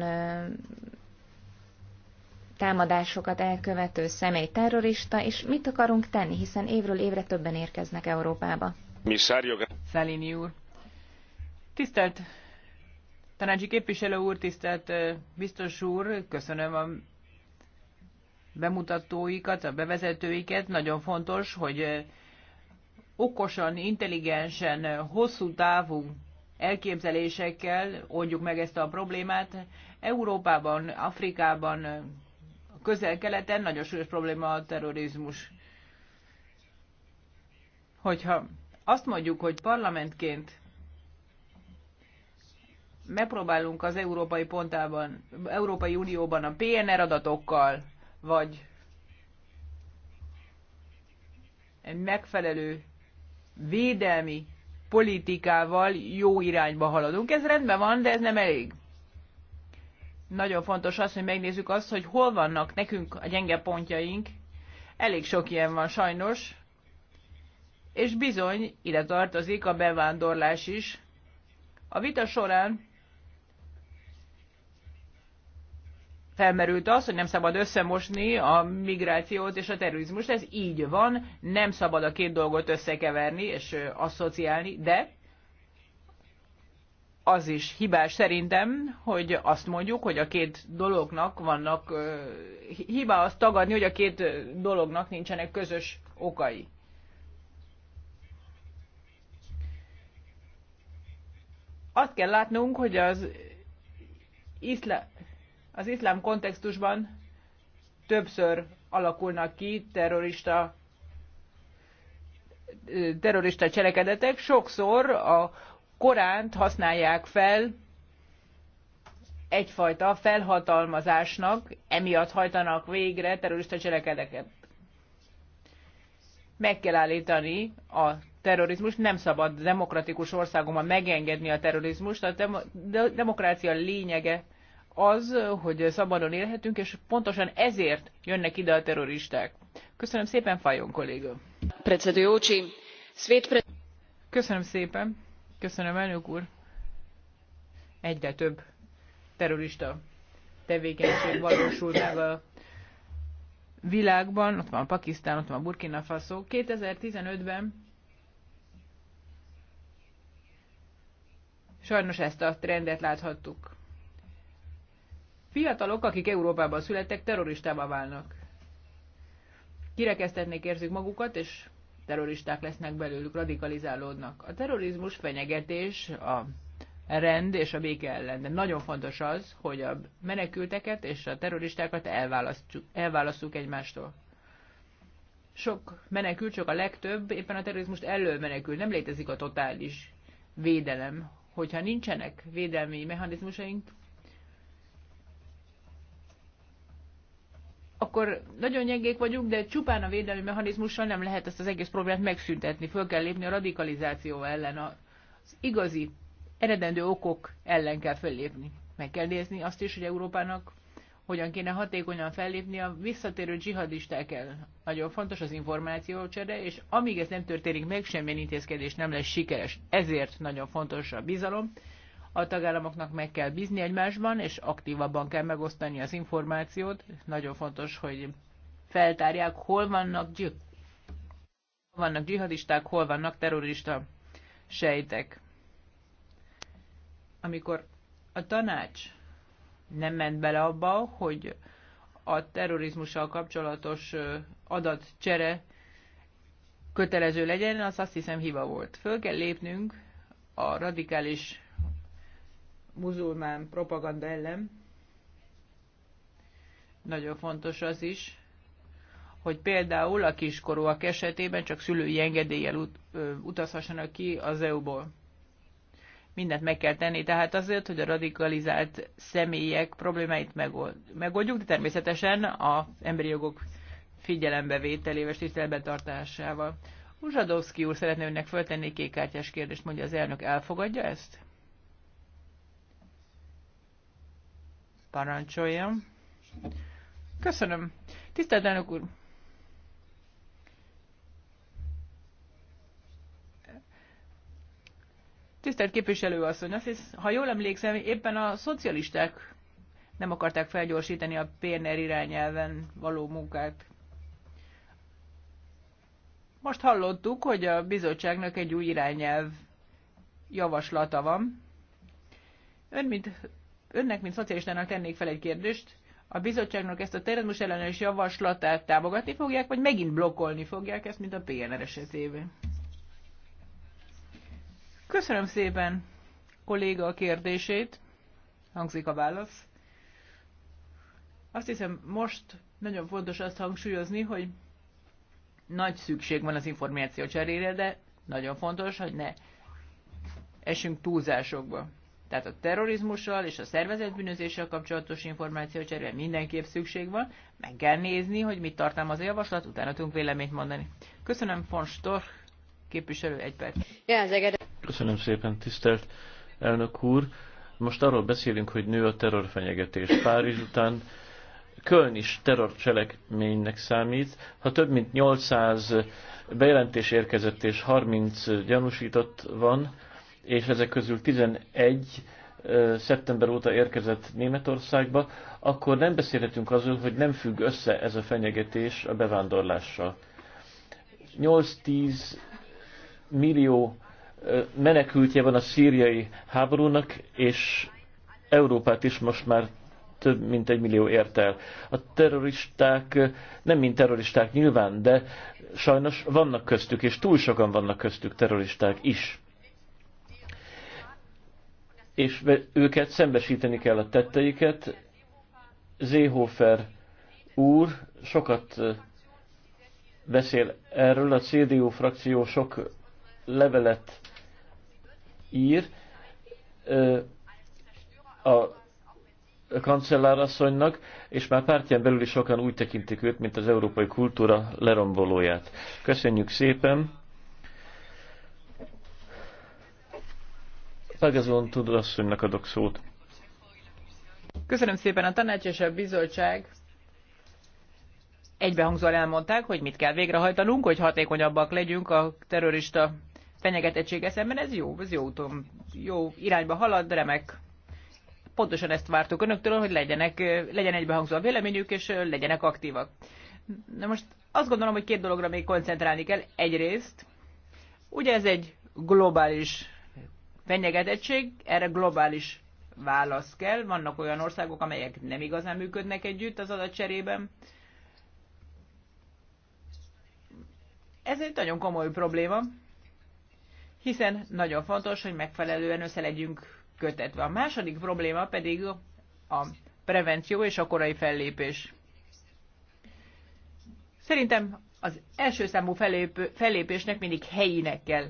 támadásokat elkövető személy terrorista, és mit akarunk tenni, hiszen évről évre többen érkeznek Európába. Szelini úr, tisztelt Tanácsi képviselő úr, tisztelt biztos úr, köszönöm a bemutatóikat, a bevezetőiket. Nagyon fontos, hogy okosan, intelligensen, hosszú távú elképzelésekkel oldjuk meg ezt a problémát. Európában, Afrikában, közel-keleten nagyon súlyos probléma a terrorizmus. Hogyha azt mondjuk, hogy parlamentként megpróbálunk az Európai Pontában, Európai Unióban a PNR adatokkal, vagy egy megfelelő védelmi politikával jó irányba haladunk. Ez rendben van, de ez nem elég. Nagyon fontos az, hogy megnézzük azt, hogy hol vannak nekünk a gyenge pontjaink. Elég sok ilyen van sajnos, és bizony ide tartozik a bevándorlás is. A vita során felmerült az, hogy nem szabad összemosni a migrációt és a terrorizmust. Ez így van, nem szabad a két dolgot összekeverni és asszociálni, de az is hibás szerintem, hogy azt mondjuk, hogy a két dolognak vannak, hibá azt tagadni, hogy a két dolognak nincsenek közös okai. Azt kell látnunk, hogy az iszlám, az iszlám kontextusban többször alakulnak ki terrorista terrorista cselekedetek, sokszor a Koránt használják fel egyfajta felhatalmazásnak, emiatt hajtanak végre terrorista cselekedeket. Meg kell állítani a terrorizmus, nem szabad demokratikus országomban megengedni a terrorizmust, a dem- demokrácia lényege az, hogy szabadon élhetünk, és pontosan ezért jönnek ide a terroristák. Köszönöm szépen, Fajon kolléga. Köszönöm szépen. Köszönöm, elnök úr. Egyre több terrorista tevékenység valósul meg a világban, ott van Pakisztán, ott van Burkina Faso. 2015-ben sajnos ezt a trendet láthattuk fiatalok, akik Európában születtek, terroristává válnak. Kirekeztetnék érzik magukat, és terroristák lesznek belőlük, radikalizálódnak. A terrorizmus fenyegetés a rend és a béke ellen, de nagyon fontos az, hogy a menekülteket és a terroristákat elválasztjuk, elválasztjuk egymástól. Sok menekült, csak a legtöbb éppen a terrorizmust elől menekül. Nem létezik a totális védelem. Hogyha nincsenek védelmi mechanizmusaink, akkor nagyon gyengék vagyunk, de csupán a védelmi mechanizmussal nem lehet ezt az egész problémát megszüntetni. Föl kell lépni a radikalizáció ellen, az igazi, eredendő okok ellen kell föllépni. Meg kell nézni azt is, hogy Európának hogyan kéne hatékonyan fellépni a visszatérő dzsihadisták el. Nagyon fontos az információcsere, és amíg ez nem történik meg, semmilyen intézkedés nem lesz sikeres. Ezért nagyon fontos a bizalom, a tagállamoknak meg kell bízni egymásban, és aktívabban kell megosztani az információt. Nagyon fontos, hogy feltárják, hol vannak, gyil- hol vannak dzsihadisták, hol vannak terrorista sejtek. Amikor a tanács nem ment bele abba, hogy a terrorizmussal kapcsolatos adatcsere kötelező legyen, az azt hiszem hiba volt. Föl kell lépnünk a radikális muzulmán propaganda ellen. Nagyon fontos az is, hogy például a kiskorúak esetében csak szülői engedéllyel ut- utazhassanak ki az EU-ból. Mindent meg kell tenni, tehát azért, hogy a radikalizált személyek problémáit megoldjuk, de természetesen az emberi jogok figyelembevételével és tiszteletben tartásával. Uzsadovszki úr szeretne önnek föltenni kékkártyás kérdést, mondja az elnök, elfogadja ezt? Parancsoljam. Köszönöm. Tisztelt elnök úr! Tisztelt képviselő asszony, azt hisz, ha jól emlékszem, éppen a szocialisták nem akarták felgyorsítani a PNR irányelven való munkát. Most hallottuk, hogy a bizottságnak egy új irányelv javaslata van. Ön, mint önnek, mint szocialistának tennék fel egy kérdést. A bizottságnak ezt a terrorizmus ellenes javaslatát támogatni fogják, vagy megint blokkolni fogják ezt, mint a PNR esetében? Köszönöm szépen, kolléga, a kérdését. Hangzik a válasz. Azt hiszem, most nagyon fontos azt hangsúlyozni, hogy nagy szükség van az információ cserére, de nagyon fontos, hogy ne esünk túlzásokba. Tehát a terrorizmussal és a szervezetbűnözéssel kapcsolatos információcserére mindenképp szükség van. Meg kell nézni, hogy mit tartalmaz a javaslat, utána tudunk véleményt mondani. Köszönöm, von Storch, képviselő egy perc. Köszönöm szépen, tisztelt elnök úr. Most arról beszélünk, hogy nő a terrorfenyegetés. Párizs után Köln is terrorcselekménynek számít. Ha több mint 800 bejelentés érkezett és 30 gyanúsított van, és ezek közül 11 szeptember óta érkezett Németországba, akkor nem beszélhetünk azról, hogy nem függ össze ez a fenyegetés a bevándorlással. 8-10 millió menekültje van a szíriai háborúnak, és Európát is most már több mint egy millió ért el. A terroristák nem mint terroristák nyilván, de sajnos vannak köztük, és túl sokan vannak köztük terroristák is és őket szembesíteni kell a tetteiket. Zéhofer úr sokat beszél erről, a CDU frakció sok levelet ír a kancellárasszonynak, és már pártján belül is sokan úgy tekintik őt, mint az európai kultúra lerombolóját. Köszönjük szépen! Ágazon tudod asszonynak adok szót. Köszönöm szépen a tanács és a bizottság. Egybehangzóan elmondták, hogy mit kell végrehajtanunk, hogy hatékonyabbak legyünk a terrorista fenyegetettsége szemben. Ez jó, ez jó úton, jó irányba halad, remek. Pontosan ezt vártuk önöktől, hogy legyenek, legyen egybehangzó a véleményük, és legyenek aktívak. Na most azt gondolom, hogy két dologra még koncentrálni kell. Egyrészt, ugye ez egy globális fenyegetettség, erre globális válasz kell. Vannak olyan országok, amelyek nem igazán működnek együtt az adatcserében. Ez egy nagyon komoly probléma, hiszen nagyon fontos, hogy megfelelően össze legyünk kötetve. A második probléma pedig a prevenció és a korai fellépés. Szerintem az első számú fellépésnek mindig helyinek kell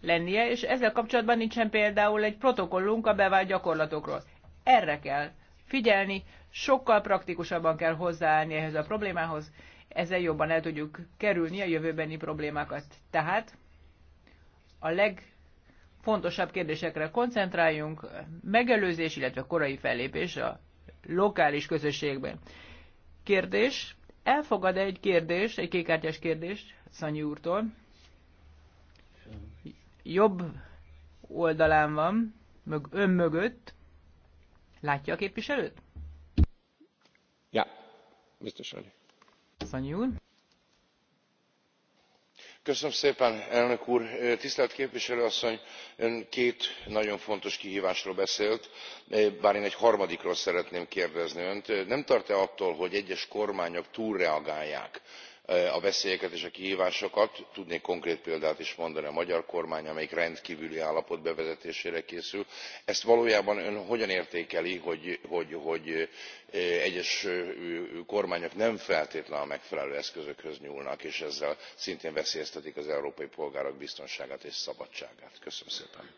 lennie, és ezzel kapcsolatban nincsen például egy protokollunk a bevált gyakorlatokról. Erre kell figyelni, sokkal praktikusabban kell hozzáállni ehhez a problémához, ezzel jobban el tudjuk kerülni a jövőbeni problémákat. Tehát a legfontosabb kérdésekre koncentráljunk, megelőzés, illetve korai fellépés a lokális közösségben. Kérdés, elfogad -e egy kérdés, egy kékártyás kérdést Szanyi úrtól? jobb oldalán van, mög, ön mögött. Látja a képviselőt? Ja, biztosan. Szanyi úr. Köszönöm szépen, elnök úr! tisztelt képviselő asszony ön két nagyon fontos kihívásról beszélt bár én egy harmadikról szeretném kérdezni önt nem tart e attól hogy egyes kormányok túlreagálják? a veszélyeket és a kihvásokat tudnék konkrét példát is mondani a magyar kormány amelyik rendkvüli állapot bevezetésére készül. ezt valójában ön hogyan értékeli hogy egyes kormányok nem feltétlenül a megfelelő eszközökhöz nyúlnak és ezzel szintén veszélyeztetik az európai polgárok biztonságát és szabadságát? köszönöm szépen!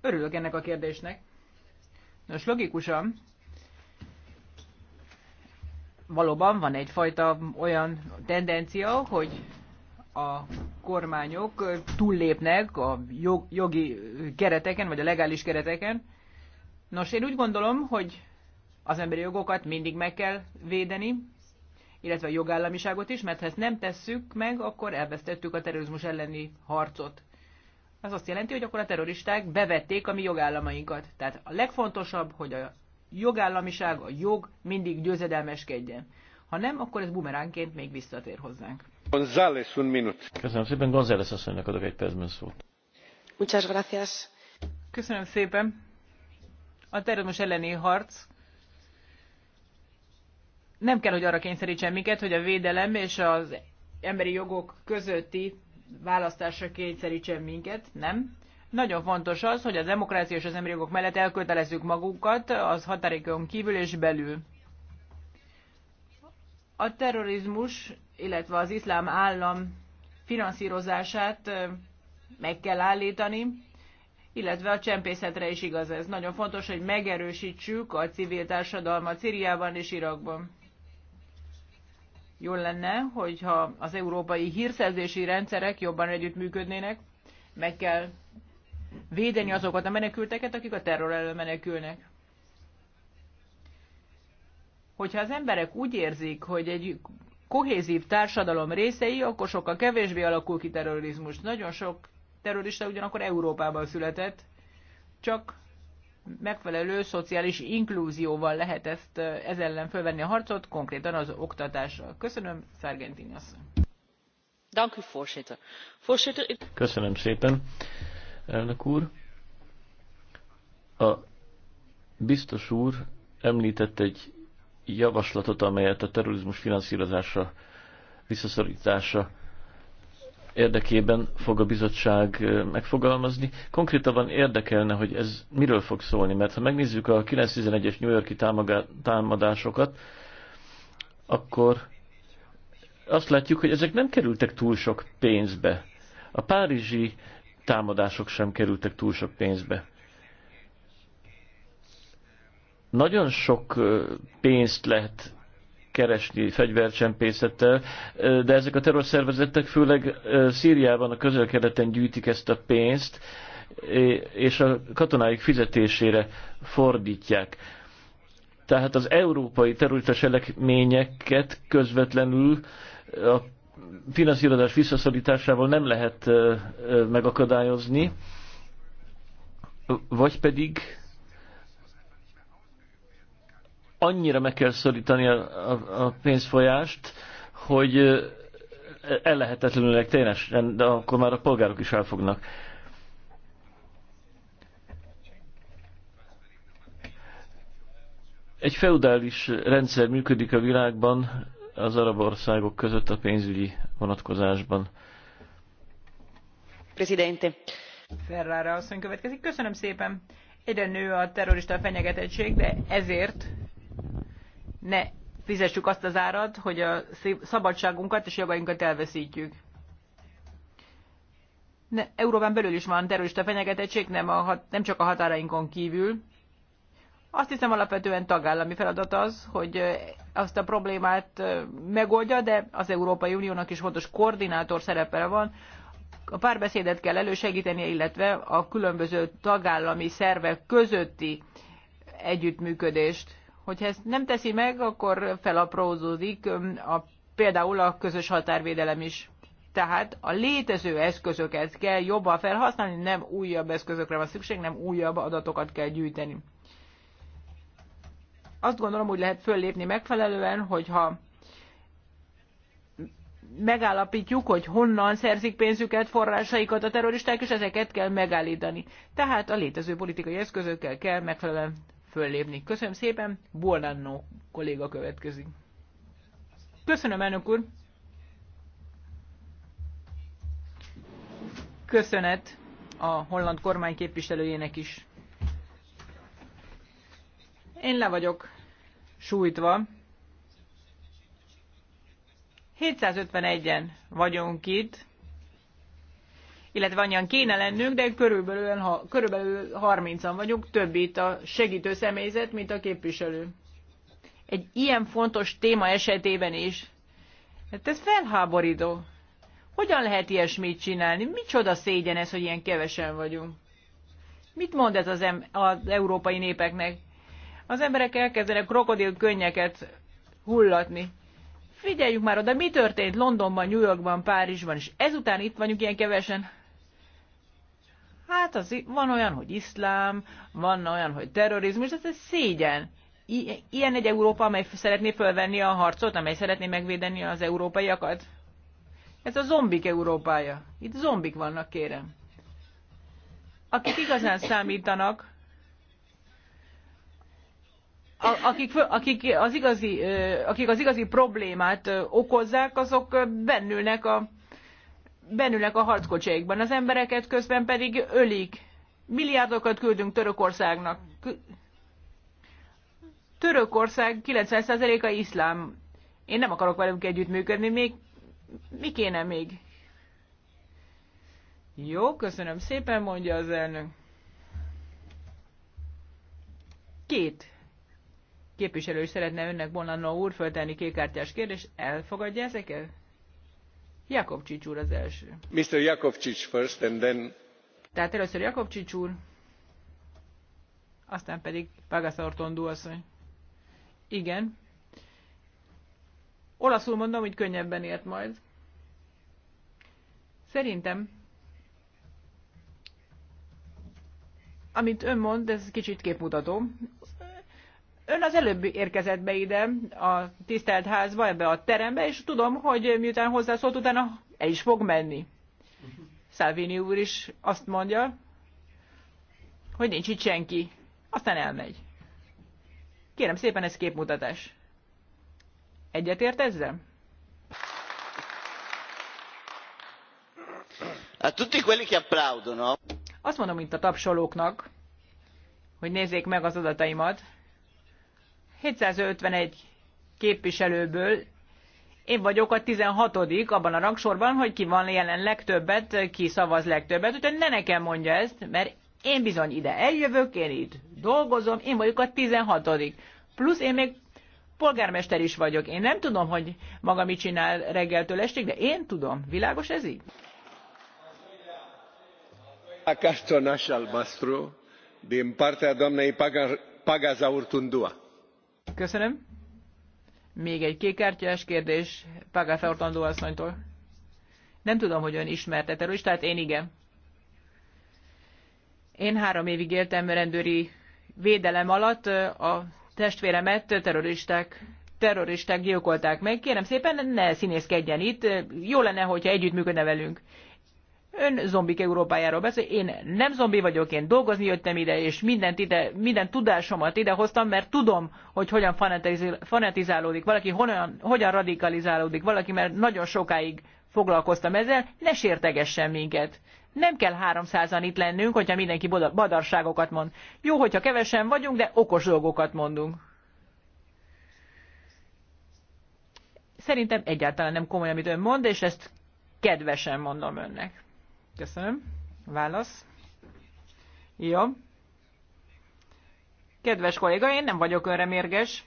örülök ennek a kérdésnek. Nos, logikusan valóban van egyfajta olyan tendencia, hogy a kormányok túllépnek a jogi kereteken, vagy a legális kereteken. Nos, én úgy gondolom, hogy az emberi jogokat mindig meg kell védeni, illetve a jogállamiságot is, mert ha ezt nem tesszük meg, akkor elvesztettük a terrorizmus elleni harcot az azt jelenti, hogy akkor a terroristák bevették a mi jogállamainkat. Tehát a legfontosabb, hogy a jogállamiság, a jog mindig győzedelmeskedjen. Ha nem, akkor ez bumeránként még visszatér hozzánk. González, un minut. Köszönöm szépen, González asszonynak adok egy percben szót. Muchas gracias. Köszönöm szépen. A terrorizmus elleni harc nem kell, hogy arra kényszerítsen minket, hogy a védelem és az emberi jogok közötti választásra kényszerítsen minket, nem. Nagyon fontos az, hogy a demokrácia és az emberi jogok mellett elkötelezzük magunkat az határikon kívül és belül. A terrorizmus, illetve az iszlám állam finanszírozását meg kell állítani, illetve a csempészetre is igaz ez. Nagyon fontos, hogy megerősítsük a civil társadalmat Szíriában és Irakban. Jól lenne, hogyha az európai hírszerzési rendszerek jobban együttműködnének, meg kell védeni azokat a menekülteket, akik a terror elől menekülnek. Hogyha az emberek úgy érzik, hogy egy kohézív társadalom részei, akkor sokkal kevésbé alakul ki terrorizmus. Nagyon sok terrorista ugyanakkor Európában született, csak megfelelő szociális inklúzióval lehet ezt ez ellen fölvenni a harcot, konkrétan az oktatással. Köszönöm, Szargentin asszony. Köszönöm szépen, elnök úr. A biztos úr említett egy javaslatot, amelyet a terrorizmus finanszírozása, visszaszorítása érdekében fog a bizottság megfogalmazni. Konkrétabban érdekelne, hogy ez miről fog szólni, mert ha megnézzük a 911-es New Yorki támadásokat, akkor azt látjuk, hogy ezek nem kerültek túl sok pénzbe. A párizsi támadások sem kerültek túl sok pénzbe. Nagyon sok pénzt lehet keresni fegyvercsempészettel, de ezek a terrorszervezetek főleg Szíriában, a közel-keleten gyűjtik ezt a pénzt, és a katonáik fizetésére fordítják. Tehát az európai terrorista cselekményeket közvetlenül a finanszírozás visszaszorításával nem lehet megakadályozni, vagy pedig annyira meg kell szorítani a, a, a pénzfolyást, hogy ellehetetlenülnek tényleg, de akkor már a polgárok is elfognak. Egy feudális rendszer működik a világban, az arab országok között a pénzügyi vonatkozásban. Presidente. Ferrara asszony következik. Köszönöm szépen. Egyre nő a terrorista fenyegetettség, de ezért ne fizessük azt az árat, hogy a szabadságunkat és jogainkat elveszítjük. Ne, Európán belül is van terrorista fenyegetettség, nem, a, nem csak a határainkon kívül. Azt hiszem alapvetően tagállami feladat az, hogy azt a problémát megoldja, de az Európai Uniónak is fontos koordinátor szerepe van. A párbeszédet kell elősegíteni illetve a különböző tagállami szervek közötti együttműködést Hogyha ezt nem teszi meg, akkor felaprózódik a, például a közös határvédelem is. Tehát a létező eszközöket kell jobban felhasználni, nem újabb eszközökre van szükség, nem újabb adatokat kell gyűjteni. Azt gondolom, hogy lehet föllépni megfelelően, hogyha megállapítjuk, hogy honnan szerzik pénzüket, forrásaikat a terroristák, és ezeket kell megállítani. Tehát a létező politikai eszközökkel kell megfelelően föllépni. Köszönöm szépen, Buonanno kolléga következik. Köszönöm, elnök úr! Köszönet a holland kormány képviselőjének is. Én le vagyok sújtva. 751-en vagyunk itt, illetve annyian kéne lennünk, de körülbelül, ha, körülbelül 30-an vagyunk, több itt a segítő személyzet, mint a képviselő. Egy ilyen fontos téma esetében is. Hát ez felháborító. Hogyan lehet ilyesmit csinálni? Micsoda szégyen ez, hogy ilyen kevesen vagyunk? Mit mond ez az, em- az európai népeknek? Az emberek elkezdenek krokodil könnyeket hullatni. Figyeljük már oda, mi történt Londonban, New Yorkban, Párizsban, és ezután itt vagyunk ilyen kevesen. Hát az, van olyan, hogy iszlám, van olyan, hogy terrorizmus, ez egy szégyen. I, ilyen egy Európa, amely szeretné fölvenni a harcot, amely szeretné megvédeni az európaiakat. Ez a zombik Európája. Itt zombik vannak, kérem. Akik igazán számítanak, akik, akik, az igazi, akik az igazi problémát okozzák, azok bennülnek a benülnek a harckocsékban, az embereket közben pedig ölik. Milliárdokat küldünk Törökországnak. Törökország 90%-a iszlám. Én nem akarok velünk együttműködni, még mi kéne még? Jó, köszönöm szépen, mondja az elnök. Két képviselő is szeretne önnek a úr föltenni kékkártyás kérdést. Elfogadja ezeket? Jakovcsics úr az első. Mr. Jakovcsics first and then... Tehát először Jakovcsics úr, aztán pedig Pagaszartondú asszony. Igen. Olaszul mondom, hogy könnyebben ért majd. Szerintem, amit ön mond, ez kicsit képmutató. Ön az előbb érkezett be ide a tisztelt házba, ebbe a terembe, és tudom, hogy miután hozzászólt, utána el is fog menni. Salvini úr is azt mondja, hogy nincs itt senki. Aztán elmegy. Kérem szépen, ez képmutatás. Egyetért ezzel? A tutti quelli che applaudono. Azt mondom mint a tapsolóknak, hogy nézzék meg az adataimat. 751 képviselőből én vagyok a 16 abban a rangsorban, hogy ki van jelen legtöbbet, ki szavaz legtöbbet, úgyhogy ne nekem mondja ezt, mert én bizony ide eljövök, én itt dolgozom, én vagyok a 16 Plusz én még polgármester is vagyok. Én nem tudom, hogy maga mit csinál reggeltől estig, de én tudom. Világos ez így? A Acastonaș albastru din partea doamnei Pagazaurtundua. Köszönöm. Még egy kékártyás kérdés Paga Feortandó asszonytól. Nem tudom, hogy ön ismerte tehát én igen. Én három évig éltem rendőri védelem alatt, a testvéremet terroristák terroristák gyilkolták meg. Kérem szépen, ne színészkedjen itt, jó lenne, hogyha együttműködne velünk. Ön zombik Európájáról beszél, én nem zombi vagyok, én dolgozni jöttem ide, és mindent ide, minden tudásomat ide hoztam, mert tudom, hogy hogyan fanatizálódik valaki, honnan, hogyan radikalizálódik valaki, mert nagyon sokáig foglalkoztam ezzel, ne sértegessen minket. Nem kell háromszázan itt lennünk, hogyha mindenki badarságokat mond. Jó, hogyha kevesen vagyunk, de okos dolgokat mondunk. Szerintem egyáltalán nem komoly, amit ön mond, és ezt kedvesen mondom önnek. Köszönöm. Válasz. jó. Kedves kolléga, én nem vagyok önre mérges.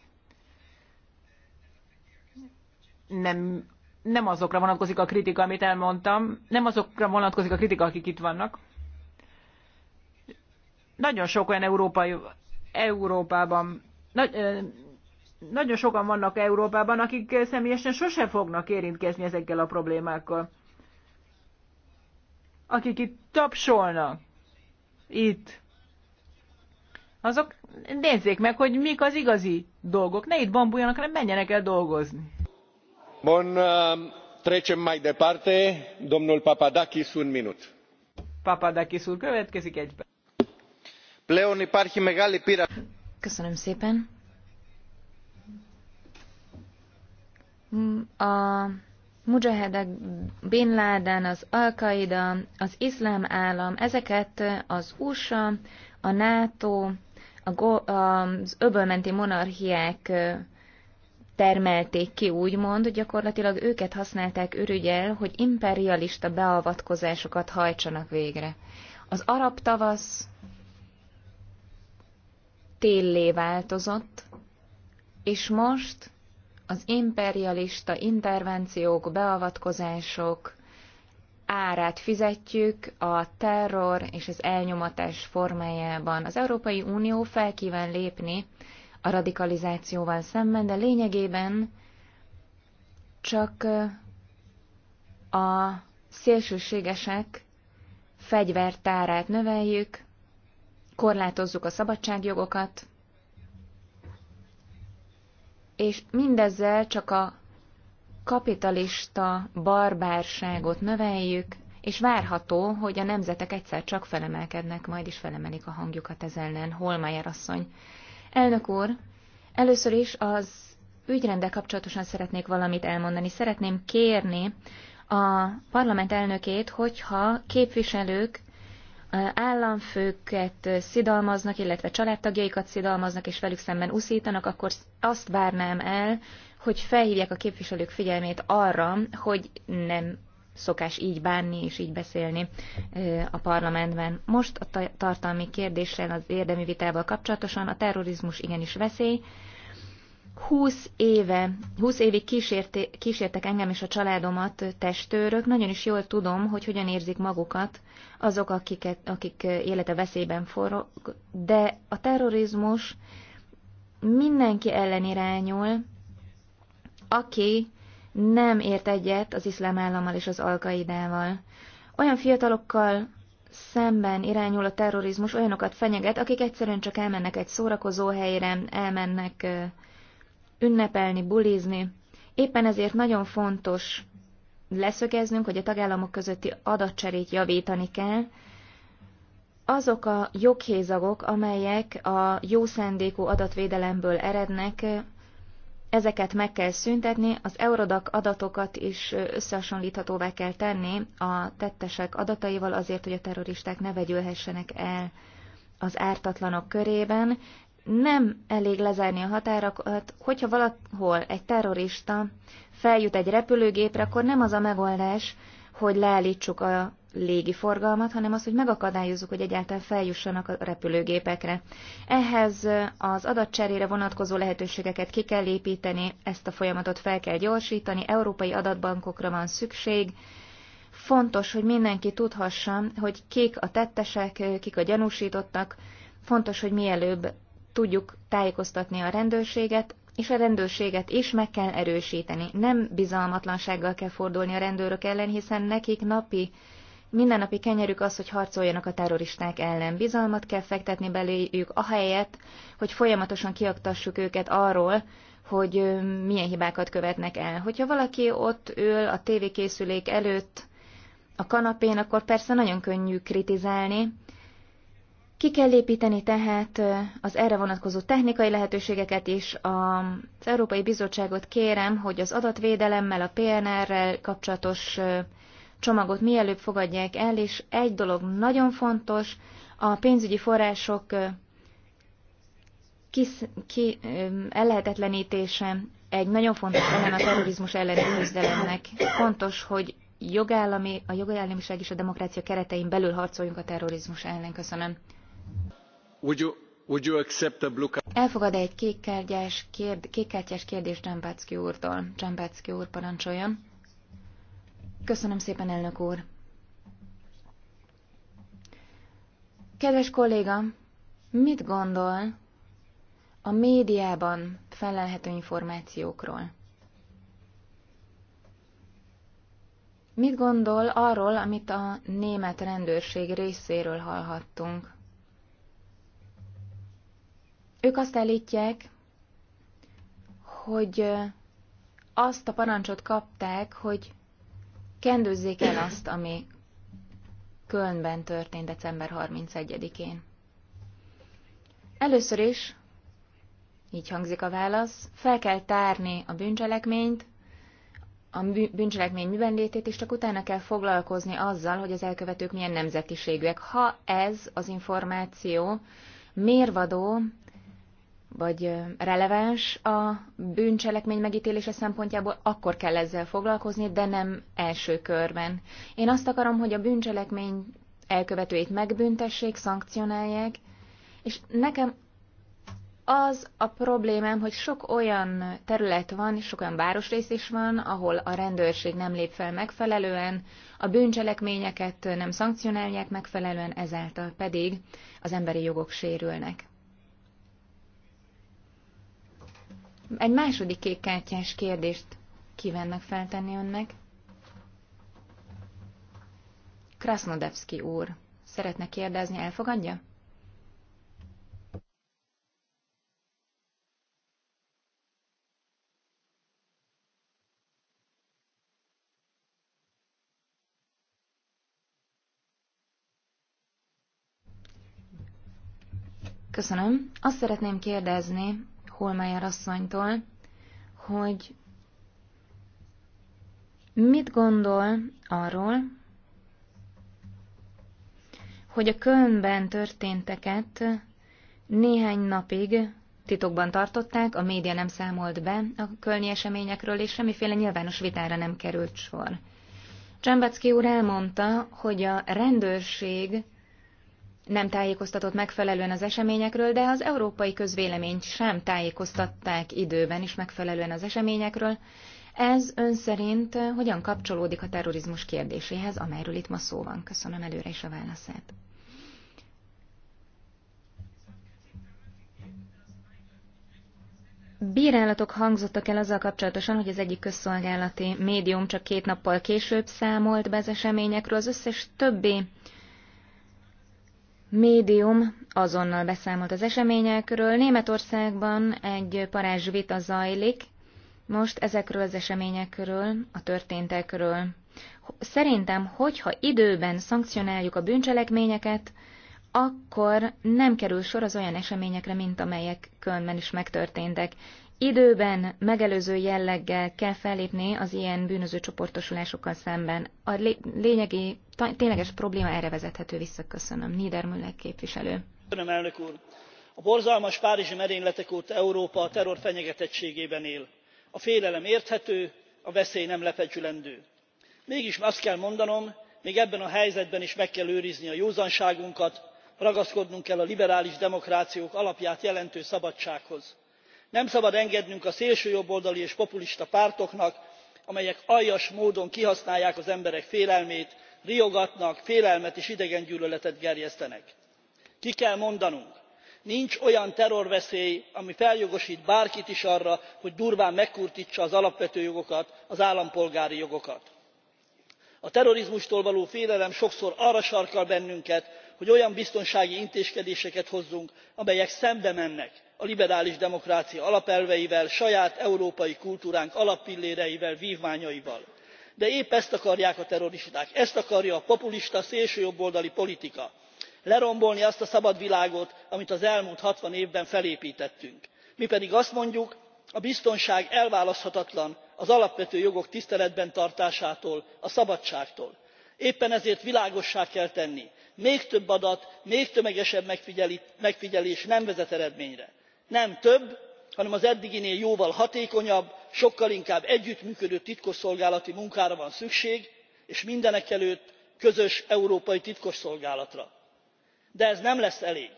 Nem, nem azokra vonatkozik a kritika, amit elmondtam. Nem azokra vonatkozik a kritika, akik itt vannak. Nagyon sok olyan európai, Európában, nagy, nagyon sokan vannak Európában, akik személyesen sose fognak érintkezni ezekkel a problémákkal akik itt tapsolnak, itt, azok nézzék meg, hogy mik az igazi dolgok. Ne itt bambuljanak, hanem menjenek el dolgozni. Bon, um, trecem mai departe. Domnul Papadakis, un minut. Papadakis úr, következik egyben. Pleon υπάρχει megali pira. Köszönöm szépen. Mm, a mujahedek, Bin Laden, az Al-Qaida, az iszlám állam, ezeket az USA, a NATO, a az öbölmenti monarchiák termelték ki, úgymond, hogy gyakorlatilag őket használták ürügyel, hogy imperialista beavatkozásokat hajtsanak végre. Az arab tavasz téllé változott, és most az imperialista intervenciók, beavatkozások árát fizetjük a terror és az elnyomatás formájában. Az Európai Unió felkíván lépni a radikalizációval szemben, de lényegében csak a szélsőségesek fegyvertárát növeljük, korlátozzuk a szabadságjogokat, és mindezzel csak a kapitalista barbárságot növeljük, és várható, hogy a nemzetek egyszer csak felemelkednek, majd is felemelik a hangjukat ez ellen. Holmeyer asszony. Elnök úr, először is az ügyrendel kapcsolatosan szeretnék valamit elmondani. Szeretném kérni a parlament elnökét, hogyha képviselők államfőket szidalmaznak, illetve családtagjaikat szidalmaznak, és velük szemben uszítanak, akkor azt várnám el, hogy felhívják a képviselők figyelmét arra, hogy nem szokás így bánni és így beszélni a parlamentben. Most a tartalmi kérdéssel, az érdemi vitával kapcsolatosan a terrorizmus igenis veszély, 20 éve, 20 évig kísérté, kísértek engem és a családomat testőrök, nagyon is jól tudom, hogy hogyan érzik magukat azok, akiket, akik élete veszélyben forog, de a terrorizmus mindenki ellen irányul, aki nem ért egyet az iszlám állammal és az alkaidával. Olyan fiatalokkal szemben irányul a terrorizmus, olyanokat fenyeget, akik egyszerűen csak elmennek egy szórakozó helyre, elmennek ünnepelni, bulizni. Éppen ezért nagyon fontos leszögeznünk, hogy a tagállamok közötti adatcserét javítani kell, azok a joghézagok, amelyek a jó szendékú adatvédelemből erednek, ezeket meg kell szüntetni, az Eurodac adatokat is összehasonlíthatóvá kell tenni a tettesek adataival azért, hogy a terroristák ne vegyülhessenek el az ártatlanok körében, nem elég lezárni a határokat, hogyha valahol egy terrorista feljut egy repülőgépre, akkor nem az a megoldás, hogy leállítsuk a légi forgalmat, hanem az, hogy megakadályozzuk, hogy egyáltalán feljussanak a repülőgépekre. Ehhez az adatcserére vonatkozó lehetőségeket ki kell építeni, ezt a folyamatot fel kell gyorsítani, európai adatbankokra van szükség, Fontos, hogy mindenki tudhassa, hogy kik a tettesek, kik a gyanúsítottak, fontos, hogy mielőbb tudjuk tájékoztatni a rendőrséget, és a rendőrséget is meg kell erősíteni. Nem bizalmatlansággal kell fordulni a rendőrök ellen, hiszen nekik napi, mindennapi kenyerük az, hogy harcoljanak a terroristák ellen. Bizalmat kell fektetni beléjük, ahelyett, hogy folyamatosan kiaktassuk őket arról, hogy milyen hibákat követnek el. Hogyha valaki ott ül a tévékészülék előtt a kanapén, akkor persze nagyon könnyű kritizálni, ki kell építeni tehát az erre vonatkozó technikai lehetőségeket is. Az Európai Bizottságot kérem, hogy az adatvédelemmel, a PNR-rel kapcsolatos csomagot mielőbb fogadják el, és egy dolog nagyon fontos, a pénzügyi források kis, ki, ellehetetlenítése egy nagyon fontos elem a terrorizmus elleni küzdelemnek. Fontos, hogy jogállami, a jogállamiság és a demokrácia keretein belül harcoljunk a terrorizmus ellen. Köszönöm. Would you, accept a blue card? Elfogad -e egy kékkártyás kérd, kék kérdést Dzsambácki úrtól. Dzsambácki úr parancsoljon. Köszönöm szépen, elnök úr. Kedves kolléga, mit gondol a médiában felelhető információkról? Mit gondol arról, amit a német rendőrség részéről hallhattunk? Ők azt állítják, hogy azt a parancsot kapták, hogy kendőzzék el azt, ami Kölnben történt december 31-én. Először is, így hangzik a válasz, fel kell tárni a bűncselekményt, a bűncselekmény műben létét, és csak utána kell foglalkozni azzal, hogy az elkövetők milyen nemzetiségűek. Ha ez az információ mérvadó vagy releváns a bűncselekmény megítélése szempontjából, akkor kell ezzel foglalkozni, de nem első körben. Én azt akarom, hogy a bűncselekmény elkövetőit megbüntessék, szankcionálják, és nekem az a problémám, hogy sok olyan terület van, sok olyan városrész is van, ahol a rendőrség nem lép fel megfelelően, a bűncselekményeket nem szankcionálják megfelelően, ezáltal pedig az emberi jogok sérülnek. Egy második kékkártyás kérdést kívánnak feltenni önnek. Krasnodevski úr, szeretne kérdezni, elfogadja? Köszönöm. Azt szeretném kérdezni, Holmeyer asszonytól, hogy mit gondol arról, hogy a könyvben történteket néhány napig titokban tartották, a média nem számolt be a kölni eseményekről, és semmiféle nyilvános vitára nem került sor. Csembecki úr elmondta, hogy a rendőrség nem tájékoztatott megfelelően az eseményekről, de az európai közvéleményt sem tájékoztatták időben is megfelelően az eseményekről. Ez ön szerint eh, hogyan kapcsolódik a terrorizmus kérdéséhez, amelyről itt ma szó van? Köszönöm előre is a válaszát. Bírálatok hangzottak el azzal kapcsolatosan, hogy az egyik közszolgálati médium csak két nappal később számolt be az eseményekről, az összes többi médium azonnal beszámolt az eseményekről. Németországban egy parázsvita zajlik, most ezekről az eseményekről, a történtekről. Szerintem, hogyha időben szankcionáljuk a bűncselekményeket, akkor nem kerül sor az olyan eseményekre, mint amelyek Kölnben is megtörténtek időben megelőző jelleggel kell fellépni az ilyen bűnöző csoportosulásokkal szemben. A lényegi, tényleges probléma erre vezethető vissza. Köszönöm. Niedermüller képviselő. Köszönöm, elnök úr. A borzalmas párizsi merényletek óta Európa a terror fenyegetettségében él. A félelem érthető, a veszély nem lebecsülendő. Mégis azt kell mondanom, még ebben a helyzetben is meg kell őrizni a józanságunkat, ragaszkodnunk kell a liberális demokrációk alapját jelentő szabadsághoz nem szabad engednünk a szélsőjobboldali és populista pártoknak amelyek aljas módon kihasználják az emberek félelmét riogatnak félelmet és idegengyűlöletet gerjesztenek. ki kell mondanunk nincs olyan terrorveszély ami feljogost bárkit is arra hogy durván megkurttsa az alapvető jogokat az állampolgári jogokat. a terrorizmustól való félelem sokszor arra sarkal bennünket hogy olyan biztonsági intézkedéseket hozzunk amelyek szembemennek a liberális demokrácia alapelveivel saját európai kultúránk alappilléreivel vvmányaival de épp ezt akarják a terroristák ezt akarja a populista szélsőjobboldali politika lerombolni azt a szabad világot amit az elmúlt hatvan évben feléptettünk. mi pedig azt mondjuk a biztonság elválaszthatatlan az alapvető jogok tiszteletben tartásától a szabadságtól. éppen ezért világossá kell tenni még több adat még tömegesebb megfigyelés nem vezet eredményre nem több hanem az eddiginél jóval hatékonyabb sokkal inkább együttműködő titkosszolgálati munkára van szükség és mindenekelőtt közös európai titkosszolgálatra. de ez nem lesz elég.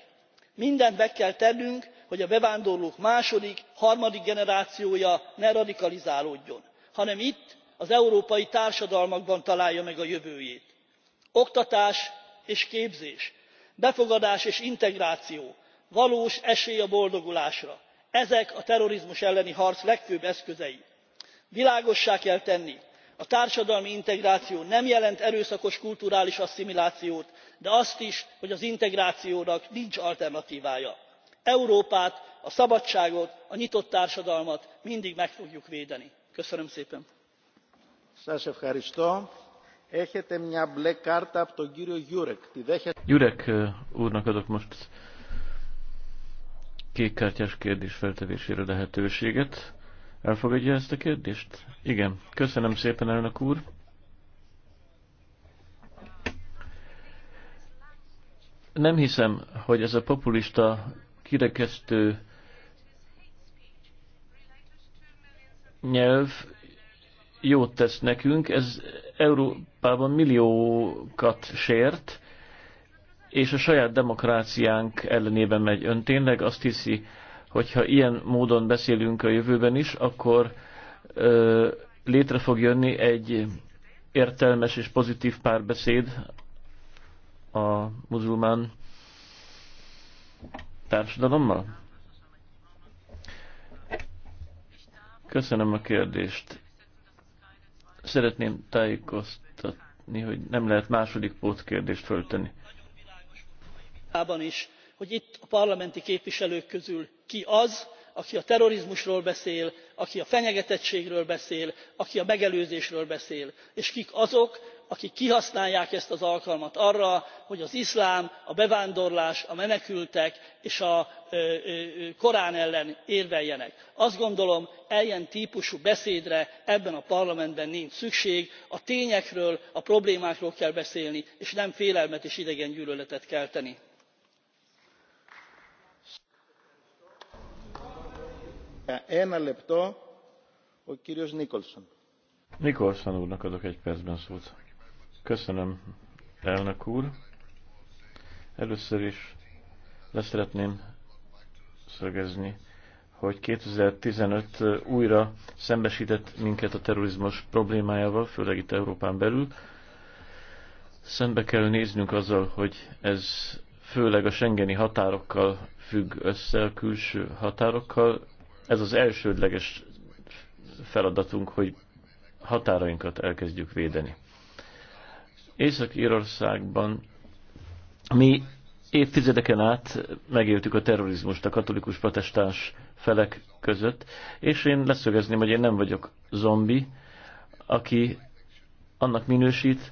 mindent meg kell tennünk hogy a bevándorlók második harmadik generációja ne radikalizálódjon hanem itt az európai társadalmakban találja meg a jövőjét. oktatás és képzés befogadás és integráció valós esély a boldogulásra ezek a terrorizmus elleni harc legfőbb eszközei. világossá kell tenni a társadalmi integráció nem jelent erőszakos kulturális asszimilációt de azt is hogy az integrációnak nincs alternatvája. európát a szabadságot a nyitott társadalmat mindig meg fogjuk védeni. köszönöm szépen! úrnak adok most kékkártyás kérdés feltevésére lehetőséget. Elfogadja ezt a kérdést? Igen. Köszönöm szépen, elnök úr. Nem hiszem, hogy ez a populista kirekesztő nyelv jót tesz nekünk. Ez Európában milliókat sért, és a saját demokráciánk ellenében megy. Ön tényleg azt hiszi, hogyha ilyen módon beszélünk a jövőben is, akkor ö, létre fog jönni egy értelmes és pozitív párbeszéd a muzulmán társadalommal? Köszönöm a kérdést. Szeretném tájékoztatni, hogy nem lehet második pótkérdést föltenni vitában is hogy itt a parlamenti képviselők közül ki az aki a terrorizmusról beszél aki a fenyegetettségről beszél aki a megelőzésről beszél és kik azok akik kihasználják ezt az alkalmat arra hogy az iszlám a bevándorlás a menekültek és a korán ellen érveljenek. azt gondolom ilyen tpusú beszédre ebben a parlamentben nincs szükség a tényekről a problémákról kell beszélni és nem félelmet és idegengyűlöletet kelteni. nicholson úrnak adok egy percben szót. Köszönöm, elnök úr. Először is leszeretném szögezni, hogy 2015 újra szembesített minket a terrorizmus problémájával, főleg itt Európán belül. Szembe kell néznünk azzal, hogy ez főleg a Schengeni határokkal függ össze, a külső határokkal, ez az elsődleges feladatunk, hogy határainkat elkezdjük védeni. Észak-Írországban mi évtizedeken át megéltük a terrorizmust a katolikus protestáns felek között, és én leszögezném, hogy én nem vagyok zombi, aki annak minősít,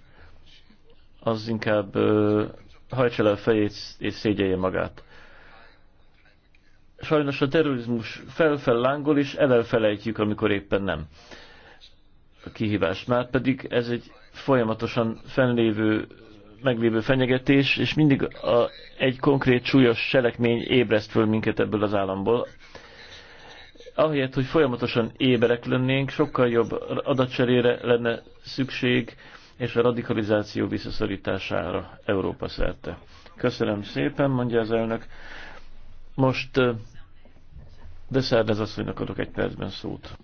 az inkább hajtsa le a fejét és szégyelje magát sajnos a terrorizmus felfel lángol, és elfelejtjük, amikor éppen nem a kihívás. Már pedig ez egy folyamatosan fennlévő, meglévő fenyegetés, és mindig a, egy konkrét súlyos cselekmény ébreszt föl minket ebből az államból. Ahelyett, hogy folyamatosan éberek lennénk, sokkal jobb adatcserére lenne szükség, és a radikalizáció visszaszorítására Európa szerte. Köszönöm szépen, mondja az elnök. Most de az asszonynak adok egy percben szót.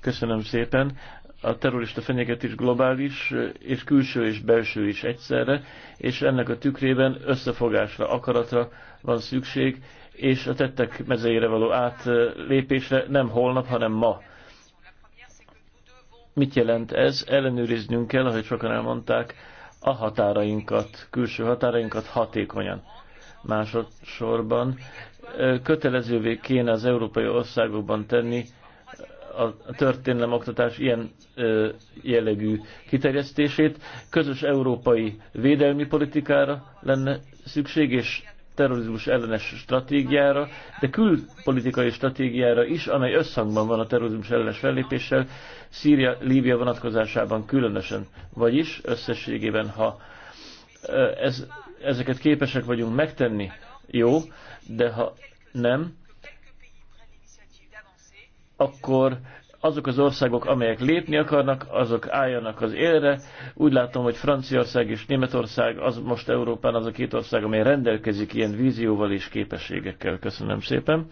Köszönöm szépen. A terrorista fenyegetés globális, és külső és belső is egyszerre, és ennek a tükrében összefogásra, akaratra van szükség, és a tettek mezeire való átlépésre nem holnap, hanem ma. Mit jelent ez? Ellenőriznünk kell, ahogy sokan elmondták, a határainkat, külső határainkat hatékonyan másodszorban kötelezővé kéne az európai országokban tenni a történelem oktatás ilyen jellegű kiterjesztését. Közös európai védelmi politikára lenne szükség, és terrorizmus ellenes stratégiára, de külpolitikai stratégiára is, amely összhangban van a terrorizmus ellenes fellépéssel, Szíria, Líbia vonatkozásában különösen. Vagyis összességében, ha ez ezeket képesek vagyunk megtenni, jó, de ha nem, akkor azok az országok, amelyek lépni akarnak, azok álljanak az élre. Úgy látom, hogy Franciaország és Németország, az most Európán az a két ország, amely rendelkezik ilyen vízióval és képességekkel. Köszönöm szépen.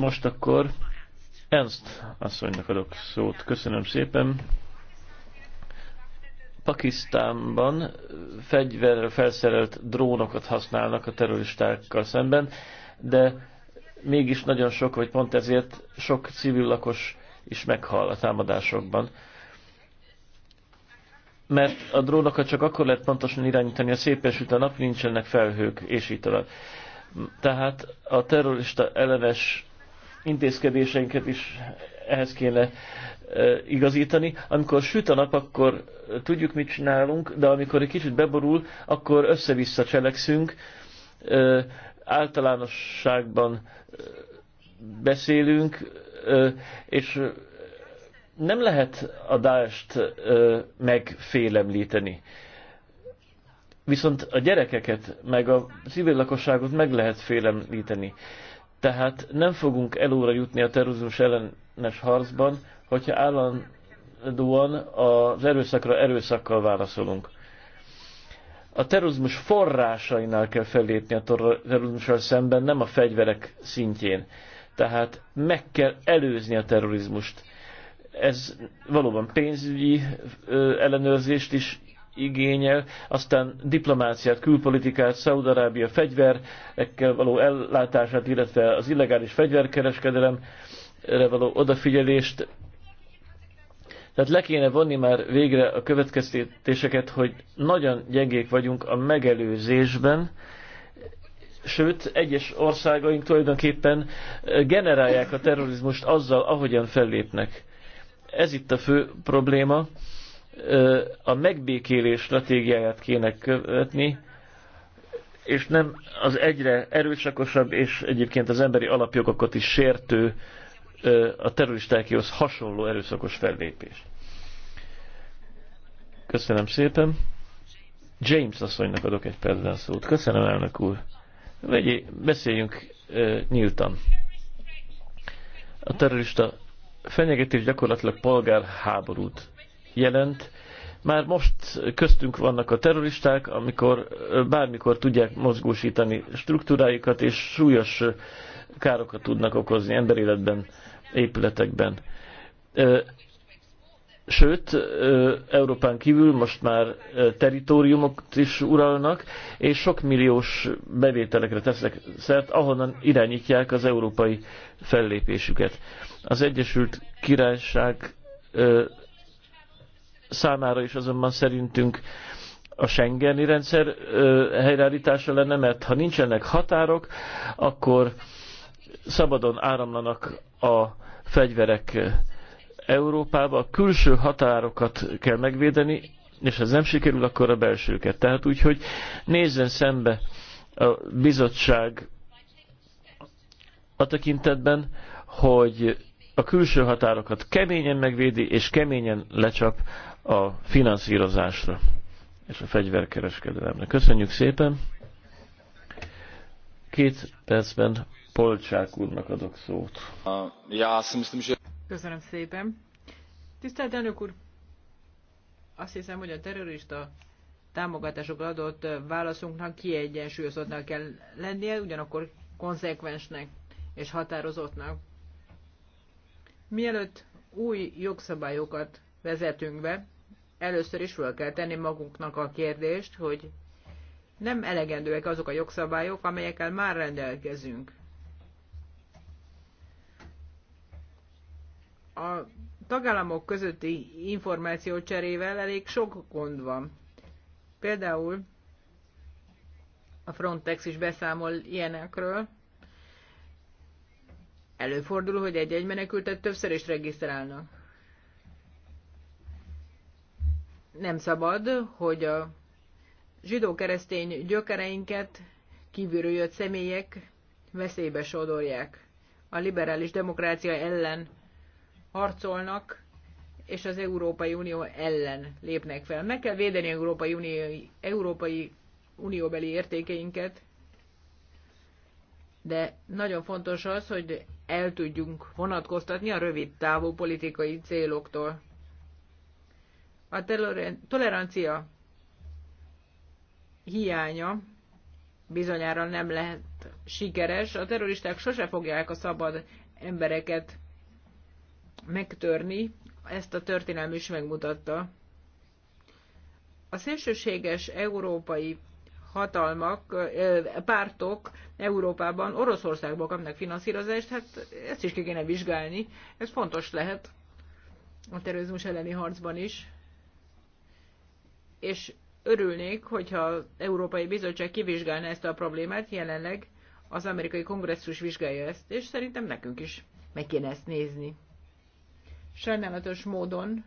Most akkor Ernst asszonynak adok szót. Köszönöm szépen. Pakisztánban fegyverrel felszerelt drónokat használnak a terroristákkal szemben, de mégis nagyon sok, vagy pont ezért sok civil lakos is meghal a támadásokban. Mert a drónokat csak akkor lehet pontosan irányítani, ha szép esült a nap, nincsenek felhők, és így tovább. Tehát a terrorista ellenes intézkedéseinket is ehhez kéne igazítani. Amikor süt a nap, akkor tudjuk, mit csinálunk, de amikor egy kicsit beborul, akkor össze-vissza cselekszünk. Általánosságban beszélünk, és nem lehet a dást megfélemlíteni. Viszont a gyerekeket, meg a civil lakosságot meg lehet félemlíteni. Tehát nem fogunk előre jutni a terrorizmus ellenes harcban, hogyha állandóan az erőszakra erőszakkal válaszolunk. A terrorizmus forrásainál kell fellépni a terrorizmussal szemben, nem a fegyverek szintjén. Tehát meg kell előzni a terrorizmust. Ez valóban pénzügyi ellenőrzést is igényel, aztán diplomáciát, külpolitikát, Szaudarábia fegyverekkel való ellátását, illetve az illegális fegyverkereskedelemre való odafigyelést. Tehát le kéne vonni már végre a következtetéseket, hogy nagyon gyengék vagyunk a megelőzésben, sőt, egyes országaink tulajdonképpen generálják a terrorizmust azzal, ahogyan fellépnek. Ez itt a fő probléma a megbékélés stratégiáját kéne követni, és nem az egyre erőszakosabb és egyébként az emberi alapjogokat is sértő a terroristákhoz hasonló erőszakos fellépés. Köszönöm szépen. James asszonynak adok egy percben szót. Köszönöm, elnök úr. Vegyé, beszéljünk e, nyíltan. A terrorista fenyegetés gyakorlatilag polgárháborút jelent. Már most köztünk vannak a terroristák, amikor bármikor tudják mozgósítani struktúráikat, és súlyos károkat tudnak okozni emberéletben, épületekben. Sőt, Európán kívül most már teritoriumokat is uralnak, és sok milliós bevételekre tesznek szert, ahonnan irányítják az európai fellépésüket. Az Egyesült Királyság számára is azonban szerintünk a Schengeni rendszer helyreállítása lenne, mert ha nincsenek határok, akkor szabadon áramlanak a fegyverek Európába, a külső határokat kell megvédeni, és ha ez nem sikerül, akkor a belsőket. Tehát úgy, hogy nézzen szembe a bizottság a tekintetben, hogy a külső határokat keményen megvédi és keményen lecsap a finanszírozásra és a fegyverkereskedelemre. Köszönjük szépen! Két percben Polcsák úrnak adok szót. Köszönöm szépen! Tisztelt elnök úr! Azt hiszem, hogy a terrorista támogatások adott válaszunknak kiegyensúlyozottnak kell lennie, ugyanakkor konzekvensnek és határozottnak. Mielőtt új jogszabályokat vezetünk be, először is fel kell tenni magunknak a kérdést, hogy nem elegendőek azok a jogszabályok, amelyekkel már rendelkezünk. A tagállamok közötti információ cserével elég sok gond van. Például a Frontex is beszámol ilyenekről. Előfordul, hogy egy-egy menekültet többször is regisztrálnak. nem szabad, hogy a zsidó-keresztény gyökereinket kívülről jött személyek veszélybe sodorják. A liberális demokrácia ellen harcolnak, és az Európai Unió ellen lépnek fel. Meg kell védeni Európai, Unió, Európai Unióbeli értékeinket, de nagyon fontos az, hogy el tudjunk vonatkoztatni a rövid távú politikai céloktól a tolerancia hiánya bizonyára nem lehet sikeres. A terroristák sose fogják a szabad embereket megtörni, ezt a történelm is megmutatta. A szélsőséges európai hatalmak, pártok Európában oroszországban, kapnak finanszírozást, hát ezt is ki kéne vizsgálni, ez fontos lehet a terrorizmus elleni harcban is és örülnék, hogyha az Európai Bizottság kivizsgálna ezt a problémát, jelenleg az amerikai kongresszus vizsgálja ezt, és szerintem nekünk is meg kéne ezt nézni. Sajnálatos módon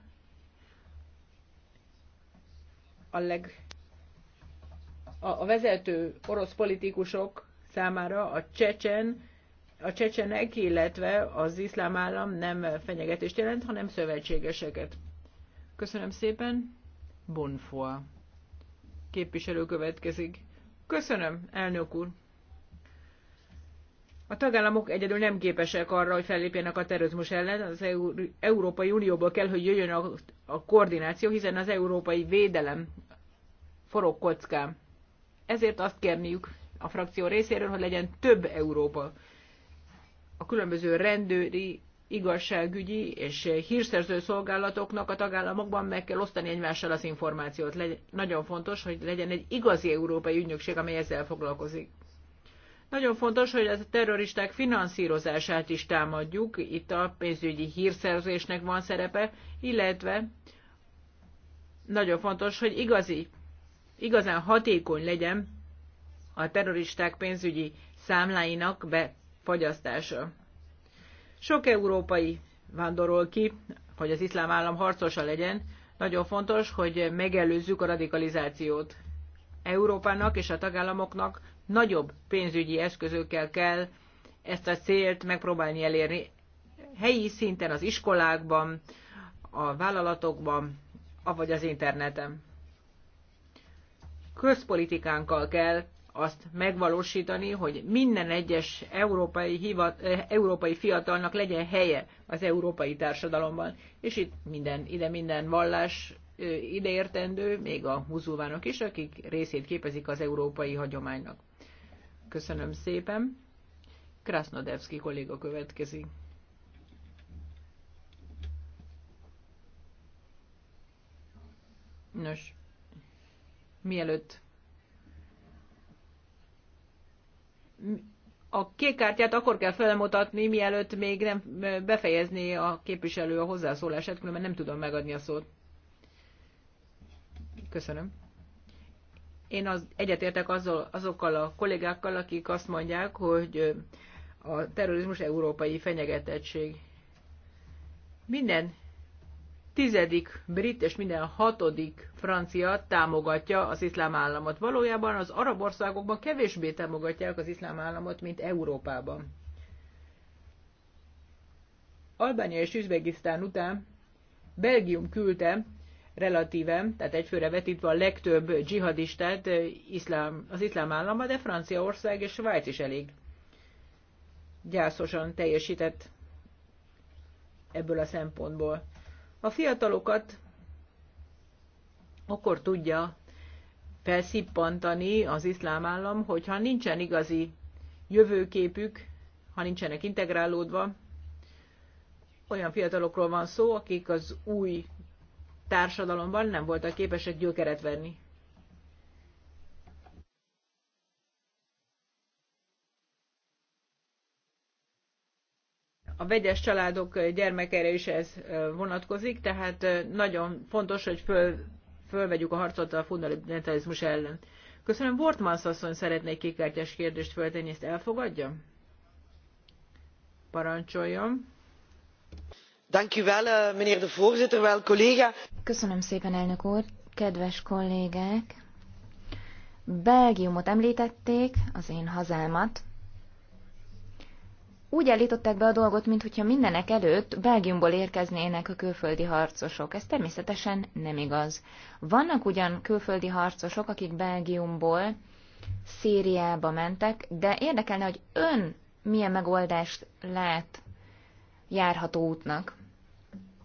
a leg a, a vezető orosz politikusok számára a csecsen, a csecsenek, illetve az iszlám állam nem fenyegetést jelent, hanem szövetségeseket. Köszönöm szépen! Bonfoy képviselő következik. Köszönöm, elnök úr! A tagállamok egyedül nem képesek arra, hogy fellépjenek a terrorizmus ellen, az Európai Unióból kell, hogy jöjjön a, a koordináció, hiszen az európai védelem forog kockán. Ezért azt kérniük a frakció részéről, hogy legyen több Európa. A különböző rendőri igazságügyi és hírszerző szolgálatoknak a tagállamokban meg kell osztani egymással az információt. Legy- nagyon fontos, hogy legyen egy igazi európai ügynökség, amely ezzel foglalkozik. Nagyon fontos, hogy a terroristák finanszírozását is támadjuk, itt a pénzügyi hírszerzésnek van szerepe, illetve nagyon fontos, hogy igazi, igazán hatékony legyen a terroristák pénzügyi számláinak befagyasztása. Sok európai vándorol ki, hogy az iszlám állam harcosa legyen. Nagyon fontos, hogy megelőzzük a radikalizációt. Európának és a tagállamoknak nagyobb pénzügyi eszközökkel kell ezt a célt megpróbálni elérni. Helyi szinten, az iskolákban, a vállalatokban, avagy az interneten. Közpolitikánkkal kell azt megvalósítani, hogy minden egyes európai, hivat, eh, európai fiatalnak legyen helye az európai társadalomban. És itt minden, ide minden vallás eh, ideértendő, még a muzulmánok is, akik részét képezik az európai hagyománynak. Köszönöm szépen. Krasnodevski kolléga következik. Nos, mielőtt a kék kártyát akkor kell felmutatni, mielőtt még nem befejezné a képviselő a hozzászólását, különben nem tudom megadni a szót. Köszönöm. Én az, egyetértek azzal, azokkal a kollégákkal, akik azt mondják, hogy a terrorizmus európai fenyegetettség. Minden tizedik brit és minden hatodik francia támogatja az iszlám államot. Valójában az arab országokban kevésbé támogatják az iszlám államot, mint Európában. Albánia és Üzbegisztán után Belgium küldte relatíve, tehát egyfőre vetítve a legtöbb dzsihadistát iszlám, az iszlám állama, de Franciaország és Svájc is elég gyászosan teljesített ebből a szempontból. A fiatalokat akkor tudja felszippantani az iszlám állam, hogyha nincsen igazi jövőképük, ha nincsenek integrálódva. Olyan fiatalokról van szó, akik az új társadalomban nem voltak képesek gyökeret venni. a vegyes családok gyermekeire is ez vonatkozik, tehát nagyon fontos, hogy föl, fölvegyük a harcot a fundamentalizmus ellen. Köszönöm, Bortmans asszony szeretné egy kikártyás kérdést föltenni, ezt elfogadja? Parancsoljon. Dank u wel, eh, meneer de voorzitter, wel collega. Köszönöm szépen, elnök úr, kedves kollégák. Belgiumot említették, az én hazámat, úgy állították be a dolgot, mintha mindenek előtt Belgiumból érkeznének a külföldi harcosok. Ez természetesen nem igaz. Vannak ugyan külföldi harcosok, akik Belgiumból Szíriába mentek, de érdekelne, hogy ön milyen megoldást lát járható útnak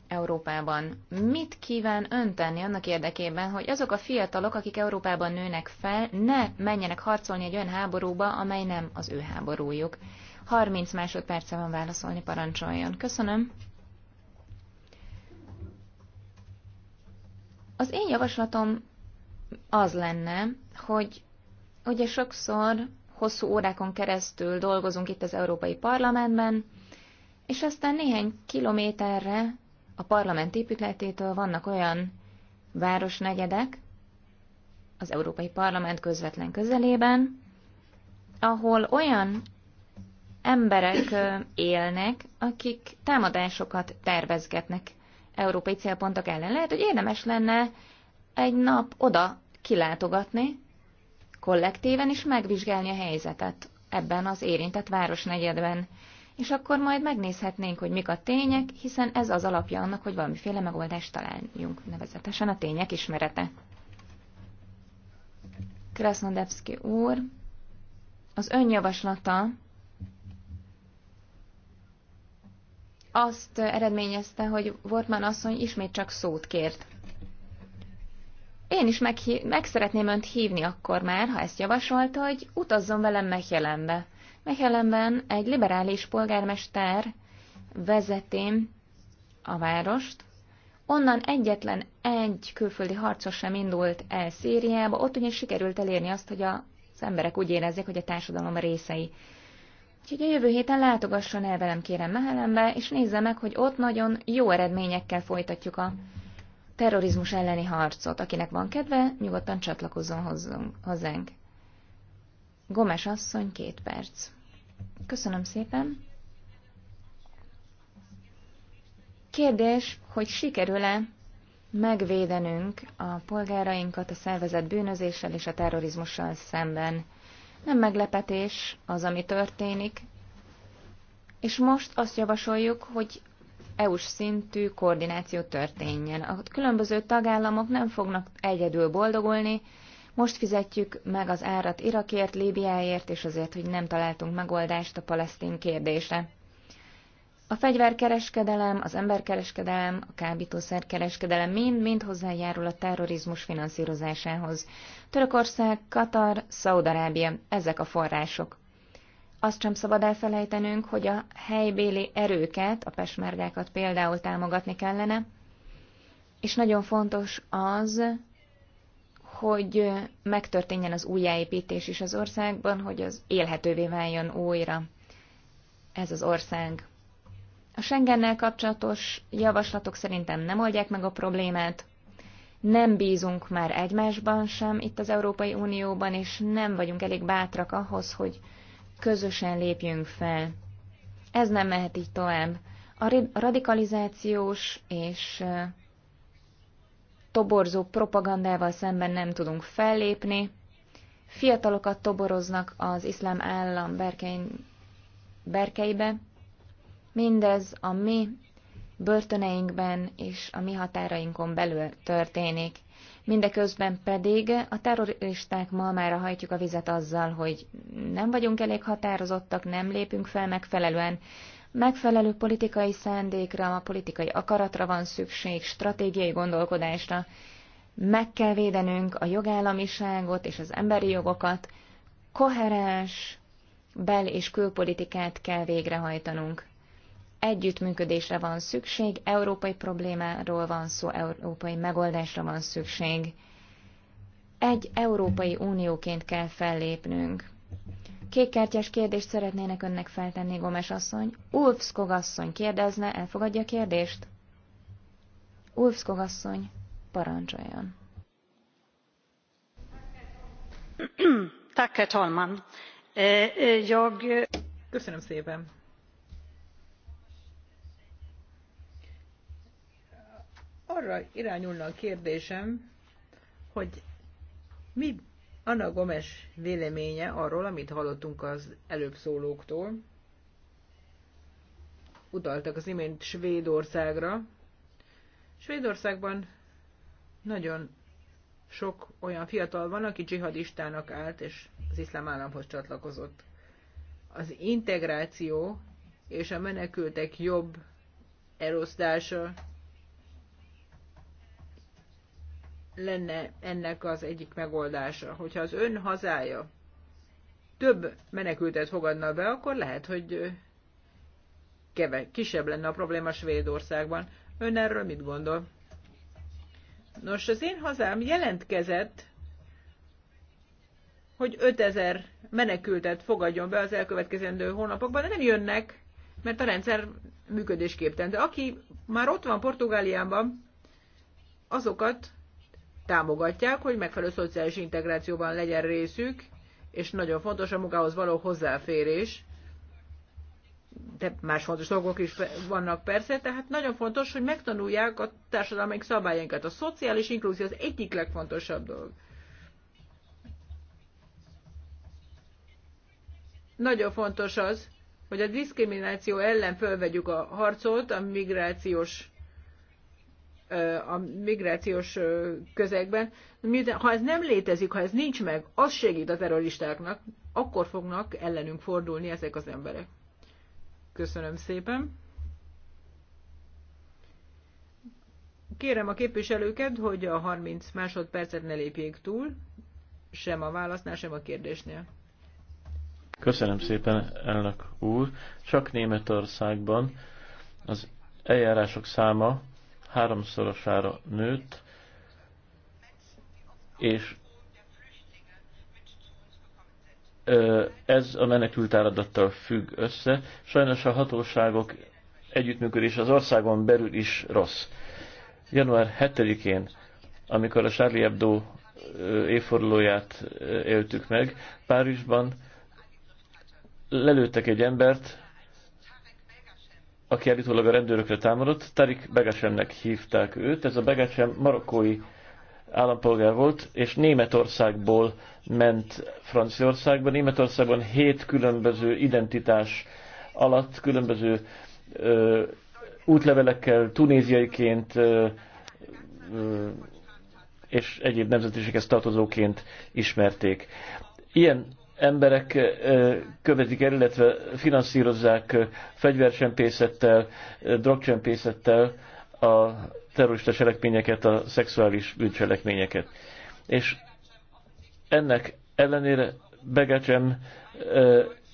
Európában. Mit kíván ön tenni annak érdekében, hogy azok a fiatalok, akik Európában nőnek fel, ne menjenek harcolni egy olyan háborúba, amely nem az ő háborújuk? 30 másodperce van válaszolni, parancsoljon. Köszönöm. Az én javaslatom az lenne, hogy ugye sokszor hosszú órákon keresztül dolgozunk itt az Európai Parlamentben, és aztán néhány kilométerre a parlament épületétől vannak olyan városnegyedek, az Európai Parlament közvetlen közelében, ahol olyan emberek élnek, akik támadásokat tervezgetnek európai célpontok ellen. Lehet, hogy érdemes lenne egy nap oda kilátogatni, kollektíven is megvizsgálni a helyzetet ebben az érintett városnegyedben. És akkor majd megnézhetnénk, hogy mik a tények, hiszen ez az alapja annak, hogy valamiféle megoldást találjunk, nevezetesen a tények ismerete. Krasnodevski úr, az önjavaslata azt eredményezte, hogy Wortmann asszony ismét csak szót kért. Én is meg, meg szeretném önt hívni akkor már, ha ezt javasolta, hogy utazzon velem Mechelenbe. Mechelenben egy liberális polgármester vezetém a várost, Onnan egyetlen egy külföldi harcos sem indult el Szíriába, ott ugyanis sikerült elérni azt, hogy az emberek úgy érezzék, hogy a társadalom részei. Úgyhogy a jövő héten látogasson el velem, kérem Mehelembe, és nézze meg, hogy ott nagyon jó eredményekkel folytatjuk a terrorizmus elleni harcot. Akinek van kedve, nyugodtan csatlakozzon hozzunk, hozzánk. Gomes asszony, két perc. Köszönöm szépen. Kérdés, hogy sikerül-e megvédenünk a polgárainkat a szervezet bűnözéssel és a terrorizmussal szemben. Nem meglepetés az, ami történik, és most azt javasoljuk, hogy EU-s szintű koordináció történjen. A különböző tagállamok nem fognak egyedül boldogulni, most fizetjük meg az árat Irakért, Líbiáért, és azért, hogy nem találtunk megoldást a palesztin kérdésre. A fegyverkereskedelem, az emberkereskedelem, a kábítószerkereskedelem mind-mind hozzájárul a terrorizmus finanszírozásához. Törökország, Katar, Szaudarábia, ezek a források. Azt sem szabad elfelejtenünk, hogy a helybéli erőket, a pesmergákat például támogatni kellene, és nagyon fontos az, hogy megtörténjen az újjáépítés is az országban, hogy az élhetővé váljon újra ez az ország. A Schengennel kapcsolatos javaslatok szerintem nem oldják meg a problémát, nem bízunk már egymásban sem itt az Európai Unióban, és nem vagyunk elég bátrak ahhoz, hogy közösen lépjünk fel. Ez nem mehet így tovább. A radikalizációs és toborzó propagandával szemben nem tudunk fellépni. Fiatalokat toboroznak az iszlám állam berkein, berkeibe, Mindez a mi börtöneinkben és a mi határainkon belül történik. Mindeközben pedig a terroristák ma már hajtjuk a vizet azzal, hogy nem vagyunk elég határozottak, nem lépünk fel megfelelően. Megfelelő politikai szándékra, a politikai akaratra van szükség, stratégiai gondolkodásra. Meg kell védenünk a jogállamiságot és az emberi jogokat. Koherens bel- és külpolitikát kell végrehajtanunk. Együttműködésre van szükség, európai problémáról van szó, európai megoldásra van szükség. Egy Európai Unióként kell fellépnünk. Kékkártyás kérdést szeretnének önnek feltenni, Gomes asszony. Ulfskog asszony kérdezne, elfogadja a kérdést? Ulf asszony, parancsoljon. Tack, herr talman. Eh, eh, jag... Köszönöm szépen. arra irányulna a kérdésem, hogy mi Anna Gomes véleménye arról, amit hallottunk az előbb szólóktól. Utaltak az imént Svédországra. Svédországban nagyon sok olyan fiatal van, aki dzsihadistának állt, és az iszlám államhoz csatlakozott. Az integráció és a menekültek jobb elosztása lenne ennek az egyik megoldása. Hogyha az ön hazája több menekültet fogadna be, akkor lehet, hogy keve, kisebb lenne a probléma Svédországban. Ön erről mit gondol? Nos, az én hazám jelentkezett, hogy 5000 menekültet fogadjon be az elkövetkezendő hónapokban, de nem jönnek, mert a rendszer működésképtelen. De aki már ott van Portugáliában, azokat támogatják, hogy megfelelő szociális integrációban legyen részük, és nagyon fontos a munkához való hozzáférés, de más fontos dolgok is vannak persze, tehát nagyon fontos, hogy megtanulják a társadalmi szabályainkat. A szociális inkluzió az egyik legfontosabb dolog. Nagyon fontos az, hogy a diszkrimináció ellen fölvegyük a harcot a migrációs a migrációs közegben. Ha ez nem létezik, ha ez nincs meg, az segít a terroristáknak, akkor fognak ellenünk fordulni ezek az emberek. Köszönöm szépen. Kérem a képviselőket, hogy a 30 másodpercet ne lépjék túl, sem a válasznál, sem a kérdésnél. Köszönöm szépen, elnök úr. Csak Németországban az eljárások száma háromszorosára nőtt, és ez a menekült áradattal függ össze. Sajnos a hatóságok együttműködés az országon belül is rossz. Január 7-én, amikor a Charlie Hebdo évfordulóját éltük meg, Párizsban lelőttek egy embert, aki állítólag a rendőrökre támadott, Tarik Begesemnek hívták őt. Ez a Begesem marokkói állampolgár volt, és Németországból ment Franciaországba. Németországban hét különböző identitás alatt, különböző ö, útlevelekkel, tunéziaiként ö, ö, és egyéb nemzetiséghez tartozóként ismerték. Ilyen emberek követik el, illetve finanszírozzák fegyvercsempészettel, drogcsempészettel a terrorista cselekményeket, a szexuális bűncselekményeket. És ennek ellenére Begecsem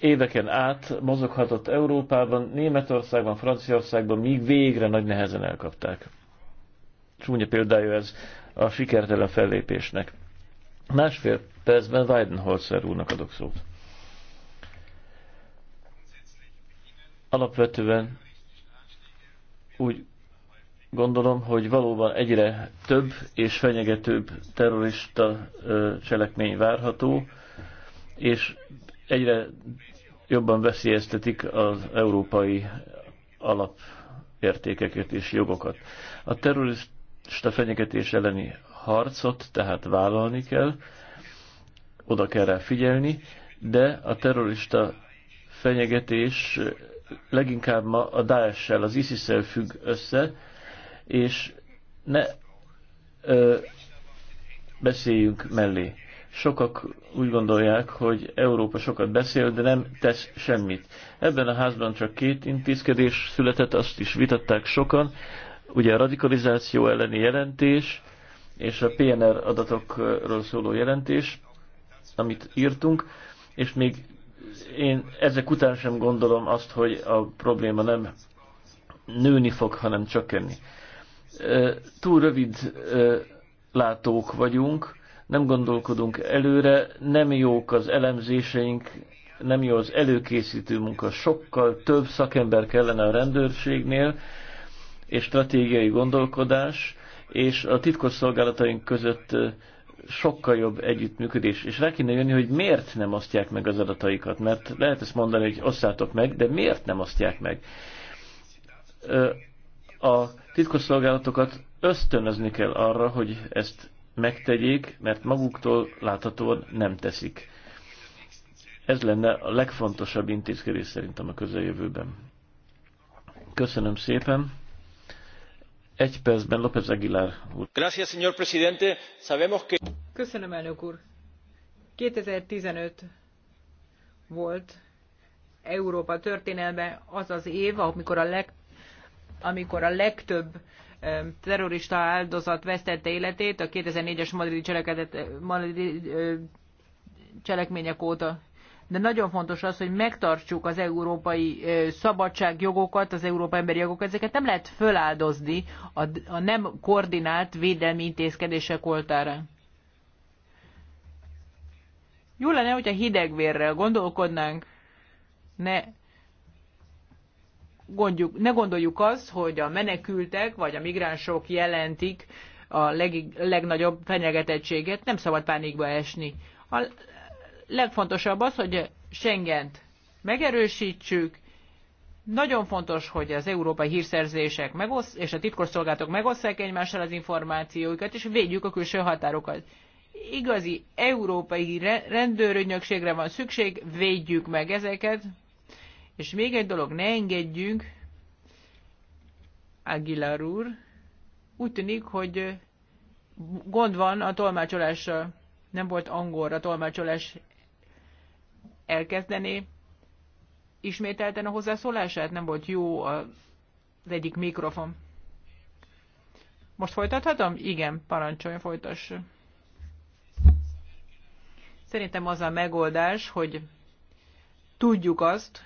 éveken át mozoghatott Európában, Németországban, Franciaországban, míg végre nagy nehezen elkapták. Csúnya példája ez a sikertelen fellépésnek. Másfél percben Weidenholzer úrnak adok szót. Alapvetően úgy gondolom, hogy valóban egyre több és fenyegetőbb terrorista cselekmény várható, és egyre jobban veszélyeztetik az európai alapértékeket és jogokat. A terrorista fenyegetés elleni harcot tehát vállalni kell, oda kell rá figyelni, de a terrorista fenyegetés leginkább ma a Daesh-sel, az isis függ össze, és ne ö, beszéljünk mellé. Sokak úgy gondolják, hogy Európa sokat beszél, de nem tesz semmit. Ebben a házban csak két intézkedés született, azt is vitatták sokan. Ugye a radikalizáció elleni jelentés, és a PNR adatokról szóló jelentés, amit írtunk, és még én ezek után sem gondolom azt, hogy a probléma nem nőni fog, hanem csökkenni. Túl rövid látók vagyunk, nem gondolkodunk előre, nem jók az elemzéseink, nem jó az előkészítő munka. Sokkal több szakember kellene a rendőrségnél, és stratégiai gondolkodás, és a titkos szolgálataink között sokkal jobb együttműködés. És rá kéne jönni, hogy miért nem osztják meg az adataikat. Mert lehet ezt mondani, hogy osszátok meg, de miért nem osztják meg? A titkosszolgálatokat ösztönözni kell arra, hogy ezt megtegyék, mert maguktól láthatóan nem teszik. Ez lenne a legfontosabb intézkedés szerintem a közeljövőben. Köszönöm szépen! Egy percben López Aguilar úr. Gracias, señor presidente. Sabemos que... Köszönöm, elnök úr. 2015 volt Európa történelme az az év, amikor a, leg, amikor a legtöbb terrorista áldozat vesztette életét a 2004-es madridi, madridi cselekmények óta de nagyon fontos az, hogy megtartsuk az európai szabadságjogokat, az európai emberi jogokat, ezeket nem lehet föláldozni a, a nem koordinált védelmi intézkedések oltára. Jó lenne, hogyha hidegvérrel gondolkodnánk, ne gondjuk, ne gondoljuk azt, hogy a menekültek vagy a migránsok jelentik a leg, legnagyobb fenyegetettséget, nem szabad pánikba esni. A legfontosabb az, hogy Schengent megerősítsük, nagyon fontos, hogy az európai hírszerzések megosz, és a titkosszolgálatok megosszák egymással az információikat, és védjük a külső határokat. Igazi európai rendőrügynökségre van szükség, védjük meg ezeket. És még egy dolog, ne engedjünk, Aguilar úr, úgy tűnik, hogy gond van a tolmácsolással. Nem volt angolra tolmácsolás elkezdené ismételten a hozzászólását? Nem volt jó az egyik mikrofon. Most folytathatom? Igen, parancsoljon, folytass. Szerintem az a megoldás, hogy tudjuk azt,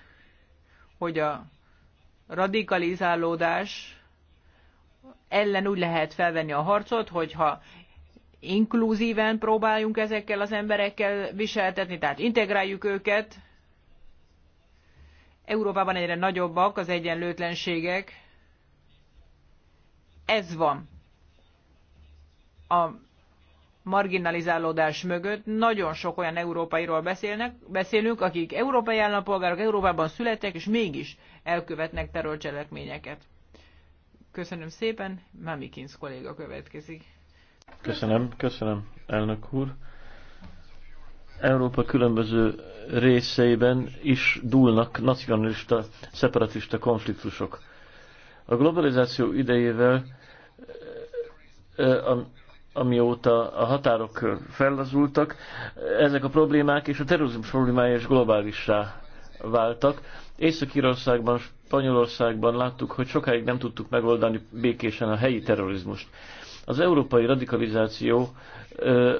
hogy a radikalizálódás ellen úgy lehet felvenni a harcot, hogyha inkluzíven próbáljunk ezekkel az emberekkel viseltetni, tehát integráljuk őket. Európában egyre nagyobbak az egyenlőtlenségek. Ez van a marginalizálódás mögött. Nagyon sok olyan európairól beszélnek, beszélünk, akik európai állampolgárok, Európában születtek, és mégis elkövetnek terrorcselekményeket. Köszönöm szépen, Mamikins kolléga következik. Köszönöm, köszönöm, elnök úr. Európa különböző részeiben is dúlnak nacionalista, szeparatista konfliktusok. A globalizáció idejével, amióta a határok fellazultak, ezek a problémák és a terrorizmus problémája is globálissá váltak. Észak-Írországban, Spanyolországban láttuk, hogy sokáig nem tudtuk megoldani békésen a helyi terrorizmust. Az európai radikalizáció,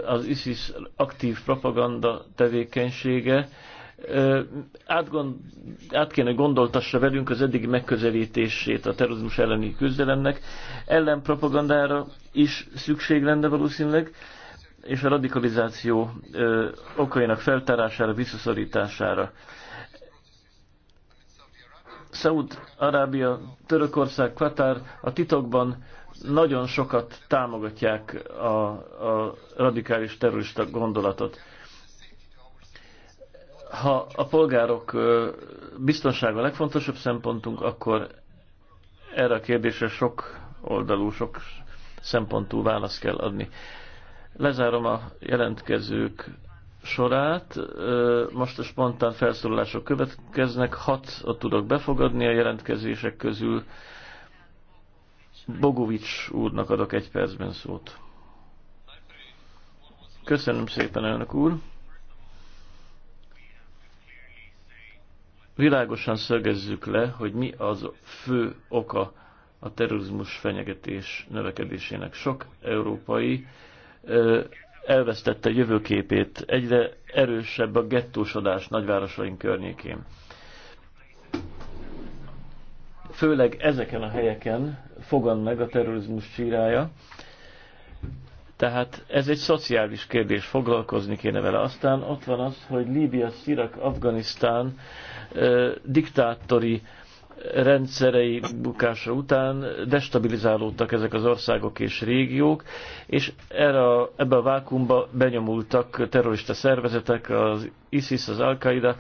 az ISIS aktív propaganda tevékenysége átgond, át kéne gondoltassa velünk az eddigi megközelítését a terrorizmus elleni küzdelemnek. Ellenpropagandára is szükség lenne valószínűleg, és a radikalizáció okainak feltárására, visszaszorítására. Szaúd-Arábia, Törökország, Katár a titokban nagyon sokat támogatják a, a radikális terrorista gondolatot. Ha a polgárok biztonsága a legfontosabb szempontunk, akkor erre a kérdésre sok oldalú, sok szempontú választ kell adni. Lezárom a jelentkezők sorát. Most a spontán felszólalások következnek. Hat tudok befogadni a jelentkezések közül. Bogovics úrnak adok egy percben szót. Köszönöm szépen, elnök úr. Világosan szögezzük le, hogy mi az fő oka a terrorizmus fenyegetés növekedésének. Sok európai elvesztette jövőképét, egyre erősebb a gettósodás nagyvárosaink környékén főleg ezeken a helyeken fogan meg a terrorizmus csírája. Tehát ez egy szociális kérdés, foglalkozni kéne vele. Aztán ott van az, hogy Líbia, Szirak, Afganisztán eh, diktátori rendszerei bukása után destabilizálódtak ezek az országok és régiók, és erre a, ebbe a vákumba benyomultak terrorista szervezetek, az ISIS, az Al-Qaida,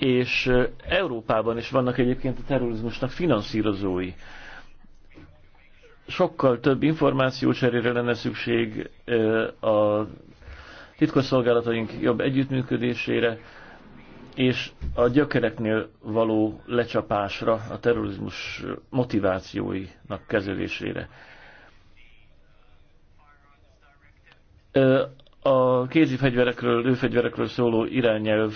és Európában is vannak egyébként a terrorizmusnak finanszírozói. Sokkal több cserére lenne szükség a titkosszolgálataink jobb együttműködésére, és a gyökereknél való lecsapásra, a terrorizmus motivációinak kezelésére. A kézi fegyverekről, lőfegyverekről szóló irányelv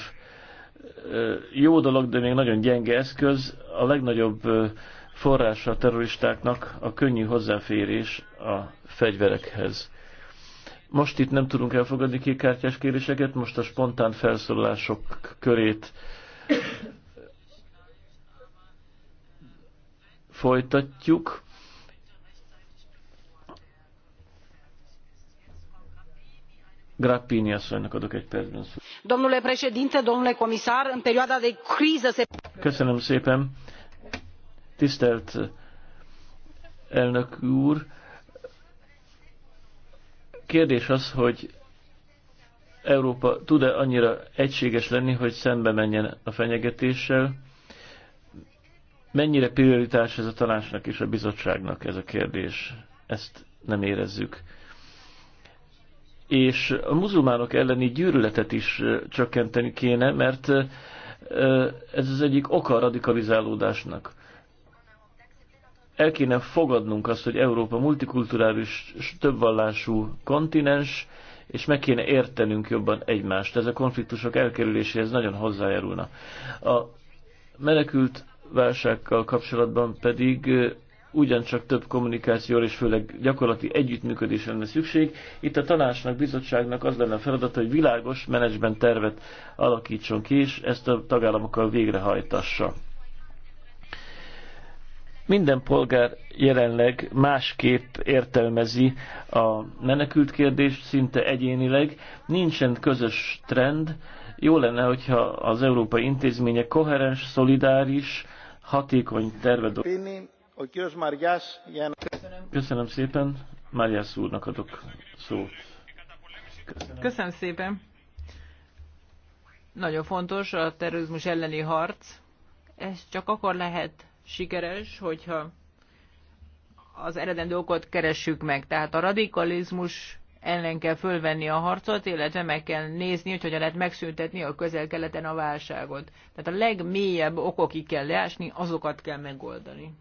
jó dolog, de még nagyon gyenge eszköz. A legnagyobb forrása a terroristáknak a könnyű hozzáférés a fegyverekhez. Most itt nem tudunk elfogadni kékkártyás kéréseket, most a spontán felszólások körét folytatjuk. egy Domnule președinte, domnule comisar, în perioada de criză se... Köszönöm szépen. Tisztelt uh, elnök úr, kérdés az, hogy Európa tud-e annyira egységes lenni, hogy szembe menjen a fenyegetéssel? Mennyire prioritás ez a tanácsnak és a bizottságnak ez a kérdés? Ezt nem érezzük és a muzulmánok elleni gyűrületet is csökkenteni kéne, mert ez az egyik oka a radikalizálódásnak. El kéne fogadnunk azt, hogy Európa multikulturális, többvallású kontinens, és meg kéne értenünk jobban egymást. Ez a konfliktusok elkerüléséhez nagyon hozzájárulna. A menekült válsággal kapcsolatban pedig ugyancsak több kommunikációra és főleg gyakorlati együttműködésre lenne szükség. Itt a tanácsnak, bizottságnak az lenne a feladata, hogy világos menedzsment tervet alakítson ki, és ezt a tagállamokkal végrehajtassa. Minden polgár jelenleg másképp értelmezi a menekült kérdést, szinte egyénileg. Nincsen közös trend. Jó lenne, hogyha az európai intézmények koherens, szolidáris, hatékony terve Köszönöm szépen. Máriász úrnak adok szót. Köszönöm. Köszönöm szépen. Nagyon fontos a terrorizmus elleni harc. Ez csak akkor lehet sikeres, hogyha az eredendő okot keressük meg. Tehát a radikalizmus ellen kell fölvenni a harcot, illetve meg kell nézni, hogy hogyan lehet megszüntetni a közel-keleten a válságot. Tehát a legmélyebb okokig kell leásni, azokat kell megoldani.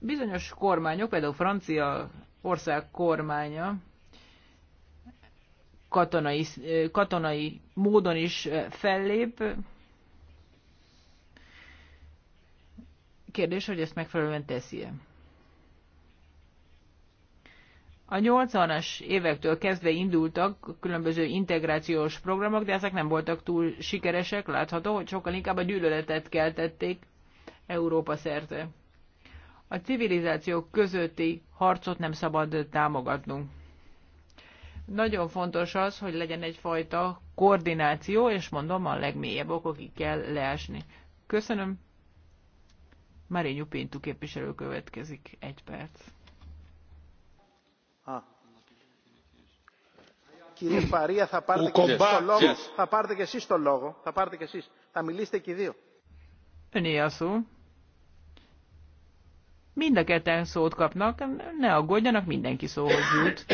Bizonyos kormányok, például Francia ország kormánya katonai, katonai módon is fellép. Kérdés, hogy ezt megfelelően teszi-e. A 80-as évektől kezdve indultak különböző integrációs programok, de ezek nem voltak túl sikeresek. Látható, hogy sokkal inkább a gyűlöletet keltették Európa szerte. A civilizációk közötti harcot nem szabad támogatnunk. Nagyon fontos az, hogy legyen egyfajta koordináció, és mondom, a legmélyebb okokig kell leesni. Köszönöm. Marényu Pintu képviselő következik. Egy perc. Ah. Κύριε Φαρία, θα πάρετε, και εσείς το λόγο. θα πάρετε και εσείς το λόγο. Θα πάρετε και εσείς. Θα μιλήσετε και οι δύο. Είναι η Mind a ketten szót kapnak, ne aggódjanak, mindenki szóhoz jut.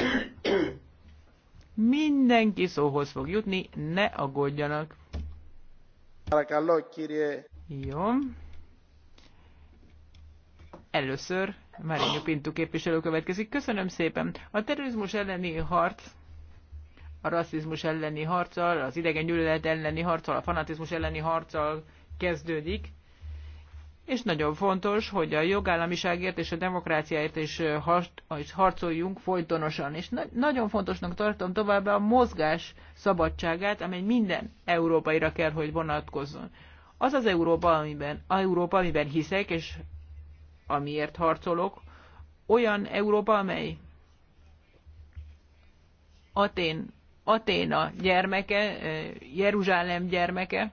Mindenki szóhoz fog jutni, ne aggódjanak. Jó. Először Márinyo Pintu képviselő következik. Köszönöm szépen. A terrorizmus elleni harc a rasszizmus elleni harccal, az idegen gyűlölet elleni harccal, a fanatizmus elleni harccal kezdődik és nagyon fontos, hogy a jogállamiságért és a demokráciáért is, harcoljunk folytonosan. És na- nagyon fontosnak tartom továbbá a mozgás szabadságát, amely minden európaira kell, hogy vonatkozzon. Az az Európa, amiben, a Európa, amiben hiszek, és amiért harcolok, olyan Európa, amely Atén, Aténa gyermeke, Jeruzsálem gyermeke,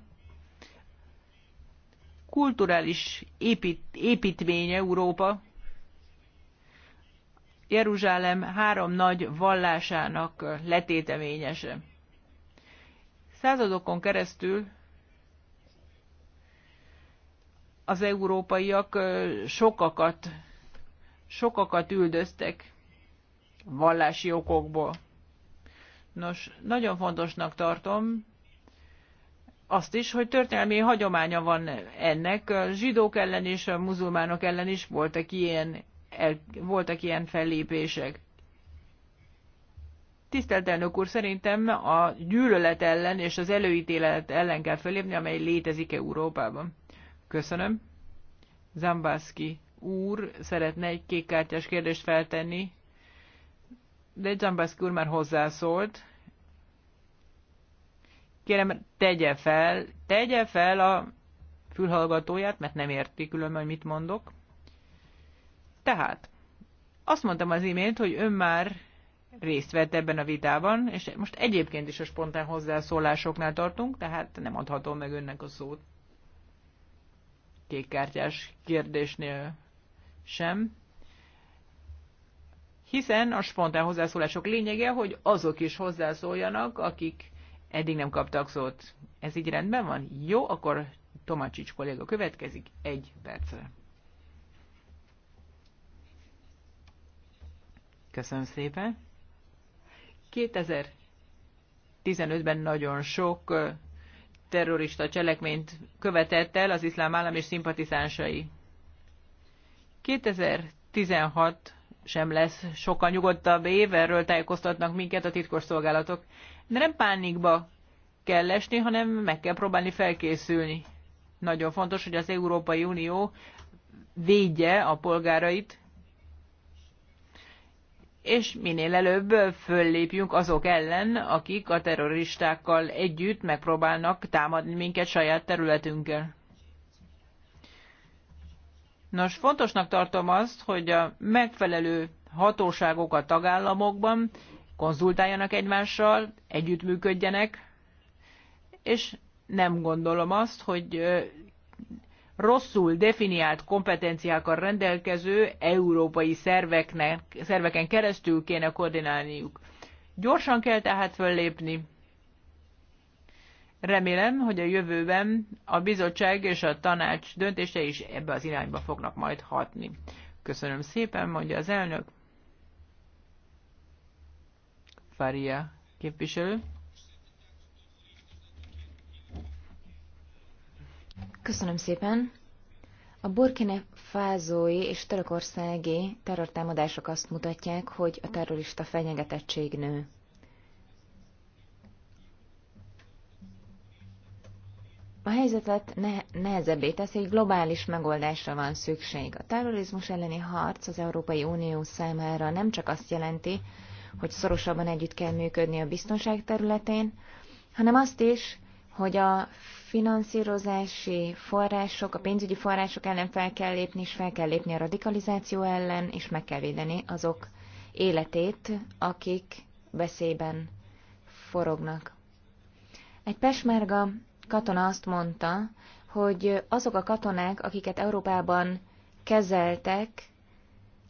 kulturális épít, építmény Európa. Jeruzsálem három nagy vallásának letéteményese. Századokon keresztül az európaiak sokakat, sokakat üldöztek vallási okokból. Nos, nagyon fontosnak tartom, azt is, hogy történelmi hagyománya van ennek. A zsidók ellen és a muzulmánok ellen is voltak ilyen, el, voltak ilyen fellépések. Tisztelt elnök úr, szerintem a gyűlölet ellen és az előítélet ellen kell fölépni, amely létezik Európában. Köszönöm. Zambászki úr szeretne egy kékkártyás kérdést feltenni, de Zambászki úr már hozzászólt. Kérem, tegye fel, tegye fel a fülhallgatóját, mert nem érti különben, mit mondok. Tehát, azt mondtam az imént, hogy ön már részt vett ebben a vitában, és most egyébként is a spontán hozzászólásoknál tartunk, tehát nem adhatom meg önnek a szót. Kékkártyás kérdésnél sem. Hiszen a spontán hozzászólások lényege, hogy azok is hozzászóljanak, akik Eddig nem kaptak szót. Ez így rendben van? Jó, akkor Tomacsics kolléga következik egy percre. Köszönöm szépen. 2015-ben nagyon sok terrorista cselekményt követett el az iszlám állam és szimpatizánsai. 2016 sem lesz sokkal nyugodtabb év, erről tájékoztatnak minket a titkos szolgálatok. De nem pánikba kell esni, hanem meg kell próbálni felkészülni. Nagyon fontos, hogy az Európai Unió védje a polgárait, és minél előbb föllépjünk azok ellen, akik a terroristákkal együtt megpróbálnak támadni minket saját területünkkel. Nos, fontosnak tartom azt, hogy a megfelelő hatóságok a tagállamokban konzultáljanak egymással, együttműködjenek, és nem gondolom azt, hogy rosszul definiált kompetenciákkal rendelkező európai szerveknek, szerveken keresztül kéne koordinálniuk. Gyorsan kell tehát föllépni. Remélem, hogy a jövőben a bizottság és a tanács döntése is ebbe az irányba fognak majd hatni. Köszönöm szépen, mondja az elnök. Pária képviselő. Köszönöm szépen. A burkina fázói és törökországi terrortámadások azt mutatják, hogy a terrorista fenyegetettség nő. A helyzetet nehezebbé teszi, hogy globális megoldásra van szükség. A terrorizmus elleni harc az Európai Unió számára nem csak azt jelenti, hogy szorosabban együtt kell működni a biztonság területén, hanem azt is, hogy a finanszírozási források, a pénzügyi források ellen fel kell lépni, és fel kell lépni a radikalizáció ellen, és meg kell védeni azok életét, akik veszélyben forognak. Egy pesmerga katona azt mondta, hogy azok a katonák, akiket Európában kezeltek,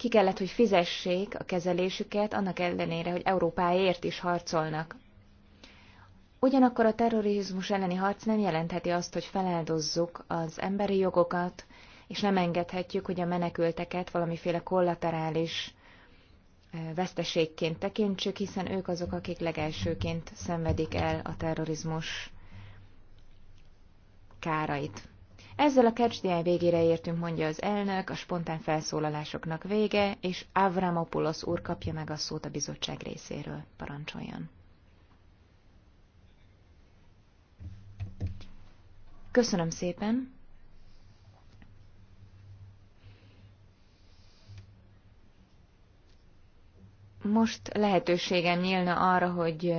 ki kellett, hogy fizessék a kezelésüket, annak ellenére, hogy Európáért is harcolnak. Ugyanakkor a terrorizmus elleni harc nem jelentheti azt, hogy feláldozzuk az emberi jogokat, és nem engedhetjük, hogy a menekülteket valamiféle kollaterális veszteségként tekintsük, hiszen ők azok, akik legelsőként szenvedik el a terrorizmus kárait. Ezzel a kecsdiáj végére értünk, mondja az elnök, a spontán felszólalásoknak vége, és Avramopoulos úr kapja meg a szót a bizottság részéről. Parancsoljon. Köszönöm szépen. Most lehetőségem nyílna arra, hogy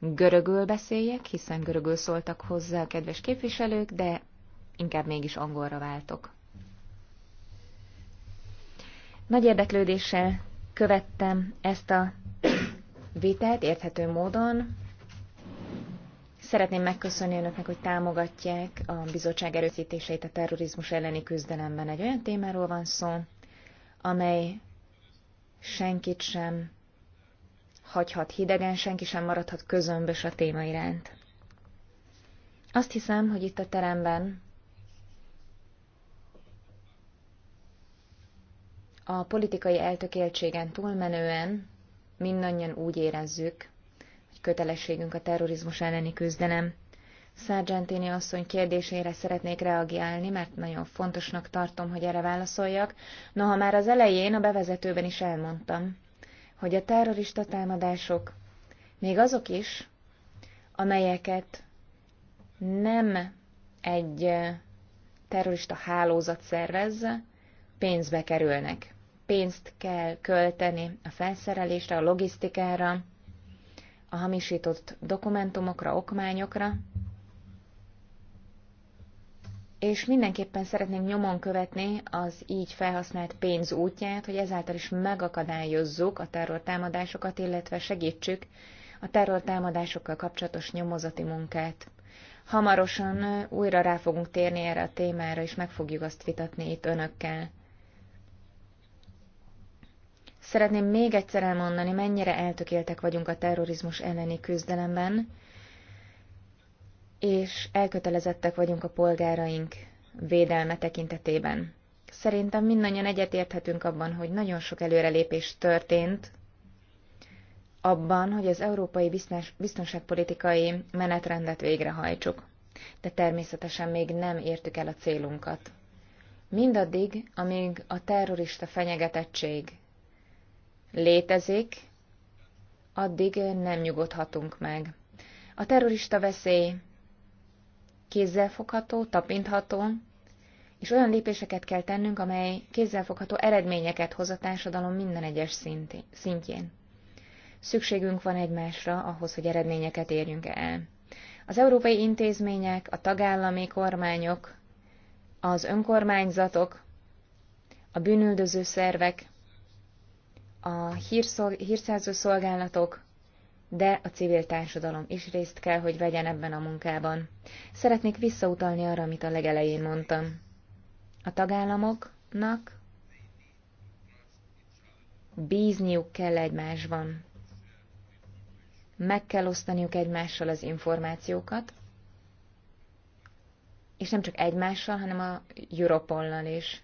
görögül beszéljek, hiszen görögül szóltak hozzá a kedves képviselők, de inkább mégis angolra váltok. Nagy érdeklődéssel követtem ezt a vitát érthető módon. Szeretném megköszönni önöknek, hogy támogatják a bizottság erőszítéseit a terrorizmus elleni küzdelemben. Egy olyan témáról van szó, amely senkit sem hagyhat hidegen, senki sem maradhat közömbös a téma iránt. Azt hiszem, hogy itt a teremben a politikai eltökéltségen túlmenően mindannyian úgy érezzük, hogy kötelességünk a terrorizmus elleni küzdelem. Sargentini asszony kérdésére szeretnék reagálni, mert nagyon fontosnak tartom, hogy erre válaszoljak. Noha már az elején a bevezetőben is elmondtam, hogy a terrorista támadások, még azok is, amelyeket nem egy terrorista hálózat szervez, pénzbe kerülnek pénzt kell költeni a felszerelésre, a logisztikára, a hamisított dokumentumokra, okmányokra, és mindenképpen szeretném nyomon követni az így felhasznált pénz útját, hogy ezáltal is megakadályozzuk a terrortámadásokat, illetve segítsük a terrortámadásokkal kapcsolatos nyomozati munkát. Hamarosan újra rá fogunk térni erre a témára, és meg fogjuk azt vitatni itt önökkel. Szeretném még egyszer elmondani, mennyire eltökéltek vagyunk a terrorizmus elleni küzdelemben, és elkötelezettek vagyunk a polgáraink védelme tekintetében. Szerintem mindannyian egyetérthetünk abban, hogy nagyon sok előrelépés történt abban, hogy az európai biztonságpolitikai menetrendet végrehajtsuk. De természetesen még nem értük el a célunkat. Mindaddig, amíg a terrorista fenyegetettség létezik, addig nem nyugodhatunk meg. A terrorista veszély kézzelfogható, tapintható, és olyan lépéseket kell tennünk, amely kézzelfogható eredményeket hoz a társadalom minden egyes szintjén. Szükségünk van egymásra ahhoz, hogy eredményeket érjünk el. Az európai intézmények, a tagállami kormányok, az önkormányzatok, a bűnüldöző szervek a hírszolg- hírszerző szolgálatok, de a civil társadalom is részt kell, hogy vegyen ebben a munkában. Szeretnék visszautalni arra, amit a legelején mondtam. A tagállamoknak bízniuk kell egymásban. Meg kell osztaniuk egymással az információkat, és nem csak egymással, hanem a Europollal is.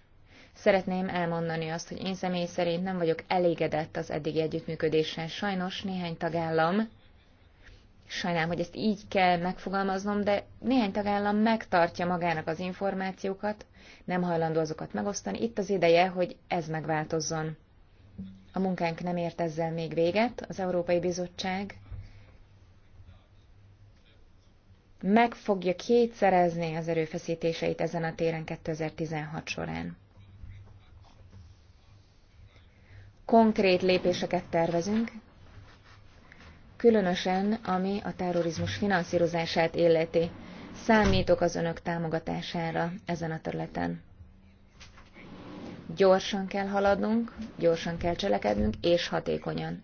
Szeretném elmondani azt, hogy én személy szerint nem vagyok elégedett az eddigi együttműködéssel. Sajnos néhány tagállam, sajnálom, hogy ezt így kell megfogalmaznom, de néhány tagállam megtartja magának az információkat, nem hajlandó azokat megosztani. Itt az ideje, hogy ez megváltozzon. A munkánk nem ért ezzel még véget. Az Európai Bizottság meg fogja kétszerezni az erőfeszítéseit ezen a téren 2016 során. konkrét lépéseket tervezünk, különösen ami a terrorizmus finanszírozását illeti. Számítok az önök támogatására ezen a területen. Gyorsan kell haladnunk, gyorsan kell cselekednünk, és hatékonyan.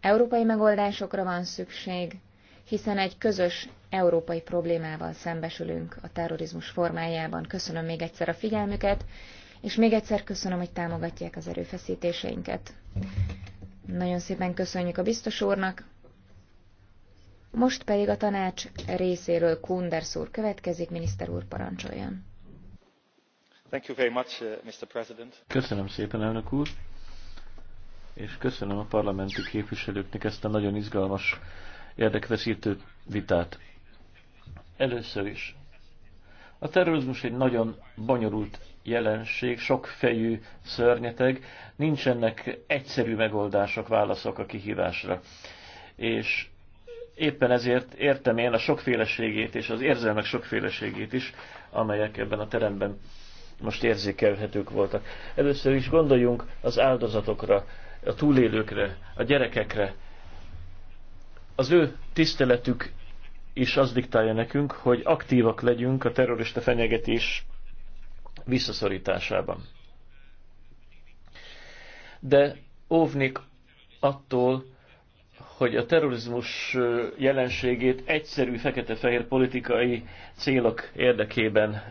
Európai megoldásokra van szükség, hiszen egy közös európai problémával szembesülünk a terrorizmus formájában. Köszönöm még egyszer a figyelmüket, és még egyszer köszönöm, hogy támogatják az erőfeszítéseinket. Nagyon szépen köszönjük a biztos úrnak. Most pedig a tanács részéről Kunders úr következik, miniszter úr parancsoljon. Thank you very much, uh, Mr. President. Köszönöm szépen, elnök úr, és köszönöm a parlamenti képviselőknek ezt a nagyon izgalmas, érdekveszítő vitát. Először is. A terrorizmus egy nagyon bonyolult jelenség, sokfejű szörnyeteg, nincsenek egyszerű megoldások, válaszok a kihívásra. És éppen ezért értem én a sokféleségét és az érzelmek sokféleségét is, amelyek ebben a teremben most érzékelhetők voltak. Először is gondoljunk az áldozatokra, a túlélőkre, a gyerekekre. Az ő tiszteletük is az diktálja nekünk, hogy aktívak legyünk a terrorista fenyegetés visszaszorításában. De óvnik attól, hogy a terrorizmus jelenségét egyszerű fekete-fehér politikai célok érdekében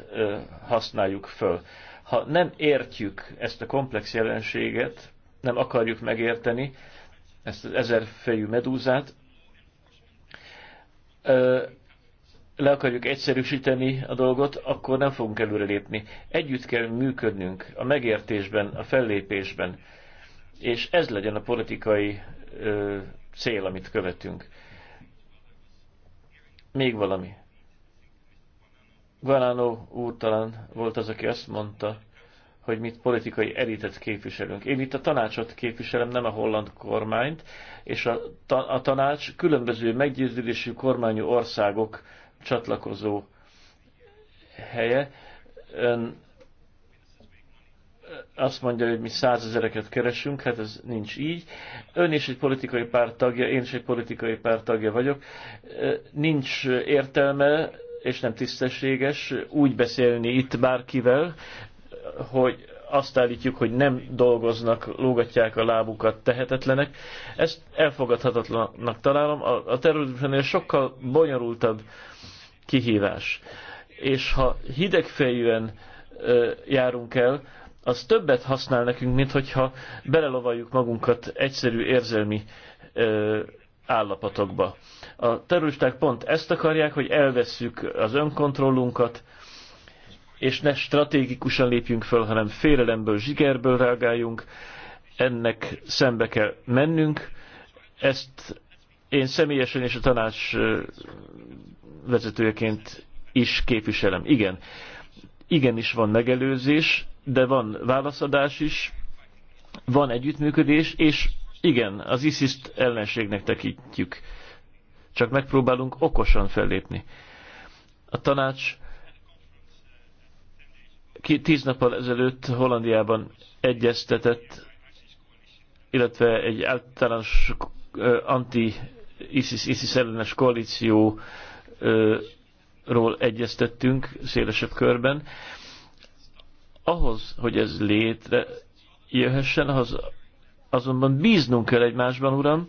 használjuk föl. Ha nem értjük ezt a komplex jelenséget, nem akarjuk megérteni ezt az ezerfejű medúzát, le akarjuk egyszerűsíteni a dolgot, akkor nem fogunk előrelépni. Együtt kell működnünk a megértésben, a fellépésben, és ez legyen a politikai ö, cél, amit követünk. Még valami. Guanano úr talán volt az, aki azt mondta, hogy mit politikai elitet képviselünk. Én itt a tanácsot képviselem, nem a holland kormányt, és a, ta, a tanács különböző meggyőződésű kormányú országok csatlakozó helye. Ön azt mondja, hogy mi százezereket keresünk, hát ez nincs így. Ön is egy politikai párt tagja, én is egy politikai párt tagja vagyok. Nincs értelme és nem tisztességes úgy beszélni itt bárkivel, hogy azt állítjuk, hogy nem dolgoznak, lógatják a lábukat, tehetetlenek. Ezt elfogadhatatlannak találom. A, a terrorizmusnál sokkal bonyolultabb kihívás. És ha hidegfejűen járunk el, az többet használ nekünk, mint hogyha belelovaljuk magunkat egyszerű érzelmi állapotokba. A terroristák pont ezt akarják, hogy elvesszük az önkontrollunkat, és ne stratégikusan lépjünk föl, hanem félelemből, zsigerből reagáljunk, ennek szembe kell mennünk, ezt én személyesen és a tanács vezetőjeként is képviselem. Igen. Igen is van megelőzés, de van válaszadás is, van együttműködés, és igen, az ISIS-t ellenségnek tekintjük. Csak megpróbálunk okosan fellépni. A tanács tíz nappal ezelőtt Hollandiában egyeztetett, illetve egy általános anti ISIS, ISIS ellenes koalícióról egyeztettünk szélesebb körben. Ahhoz, hogy ez létre jöhessen, ahhoz azonban bíznunk kell egymásban, uram,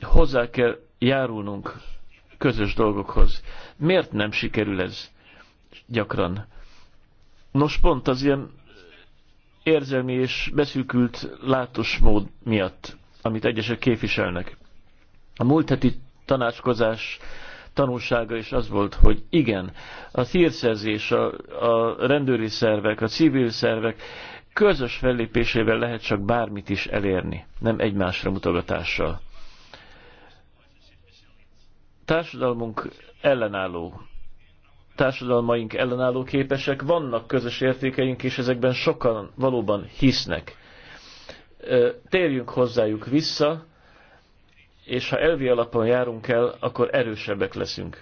hozzá kell járulnunk közös dolgokhoz. Miért nem sikerül ez gyakran? Nos, pont az ilyen érzelmi és beszűkült látosmód miatt amit egyesek képviselnek. A múlt heti tanácskozás tanulsága is az volt, hogy igen, a hírszerzés, a, a rendőri szervek, a civil szervek közös fellépésével lehet csak bármit is elérni, nem egymásra mutogatással. Társadalmunk ellenálló, társadalmaink ellenálló képesek, vannak közös értékeink, és ezekben sokan valóban hisznek térjünk hozzájuk vissza, és ha elvi alapon járunk el, akkor erősebbek leszünk.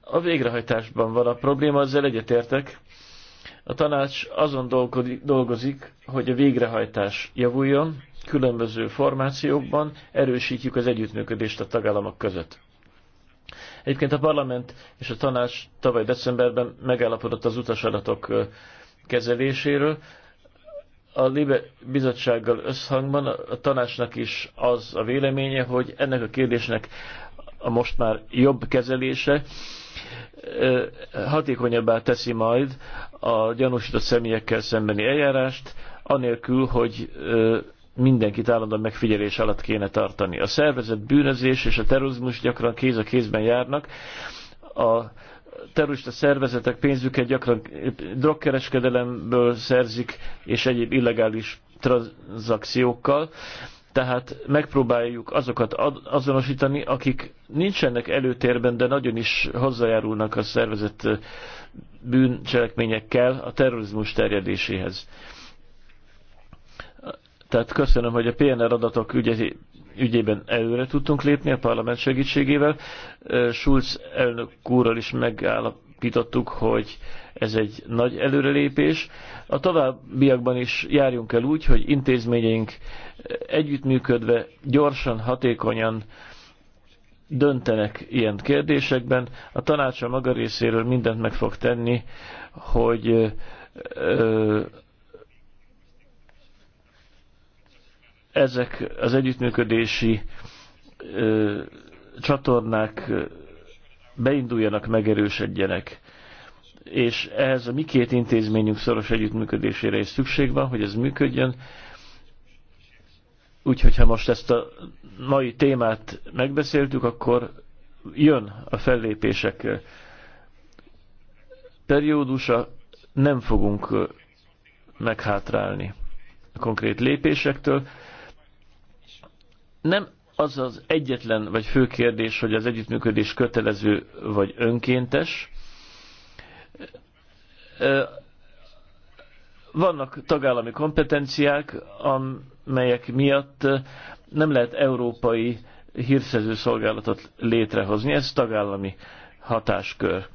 A végrehajtásban van a probléma, ezzel egyetértek. A tanács azon dolgozik, hogy a végrehajtás javuljon, különböző formációkban erősítjük az együttműködést a tagállamok között. Egyébként a parlament és a tanács tavaly decemberben megállapodott az utasadatok kezeléséről a Libe bizottsággal összhangban a tanácsnak is az a véleménye, hogy ennek a kérdésnek a most már jobb kezelése hatékonyabbá teszi majd a gyanúsított személyekkel szembeni eljárást, anélkül, hogy mindenkit állandóan megfigyelés alatt kéne tartani. A szervezet bűnözés és a terrorizmus gyakran kéz a kézben járnak. A terrorista szervezetek pénzüket gyakran drogkereskedelemből szerzik, és egyéb illegális tranzakciókkal. Tehát megpróbáljuk azokat azonosítani, akik nincsenek előtérben, de nagyon is hozzájárulnak a szervezett bűncselekményekkel a terrorizmus terjedéséhez. Tehát köszönöm, hogy a PNR adatok ügyét ügyében előre tudtunk lépni a parlament segítségével. Schulz elnök úrral is megállapítottuk, hogy ez egy nagy előrelépés. A továbbiakban is járjunk el úgy, hogy intézményeink együttműködve gyorsan, hatékonyan döntenek ilyen kérdésekben. A tanácsa maga részéről mindent meg fog tenni, hogy ö, ezek az együttműködési ö, csatornák beinduljanak, megerősödjenek. És ehhez a mi két intézményünk szoros együttműködésére is szükség van, hogy ez működjön. Úgyhogy ha most ezt a mai témát megbeszéltük, akkor jön a fellépések periódusa, nem fogunk meghátrálni a konkrét lépésektől nem az az egyetlen vagy fő kérdés, hogy az együttműködés kötelező vagy önkéntes. Vannak tagállami kompetenciák, amelyek miatt nem lehet európai hírszerző szolgálatot létrehozni, ez tagállami hatáskör.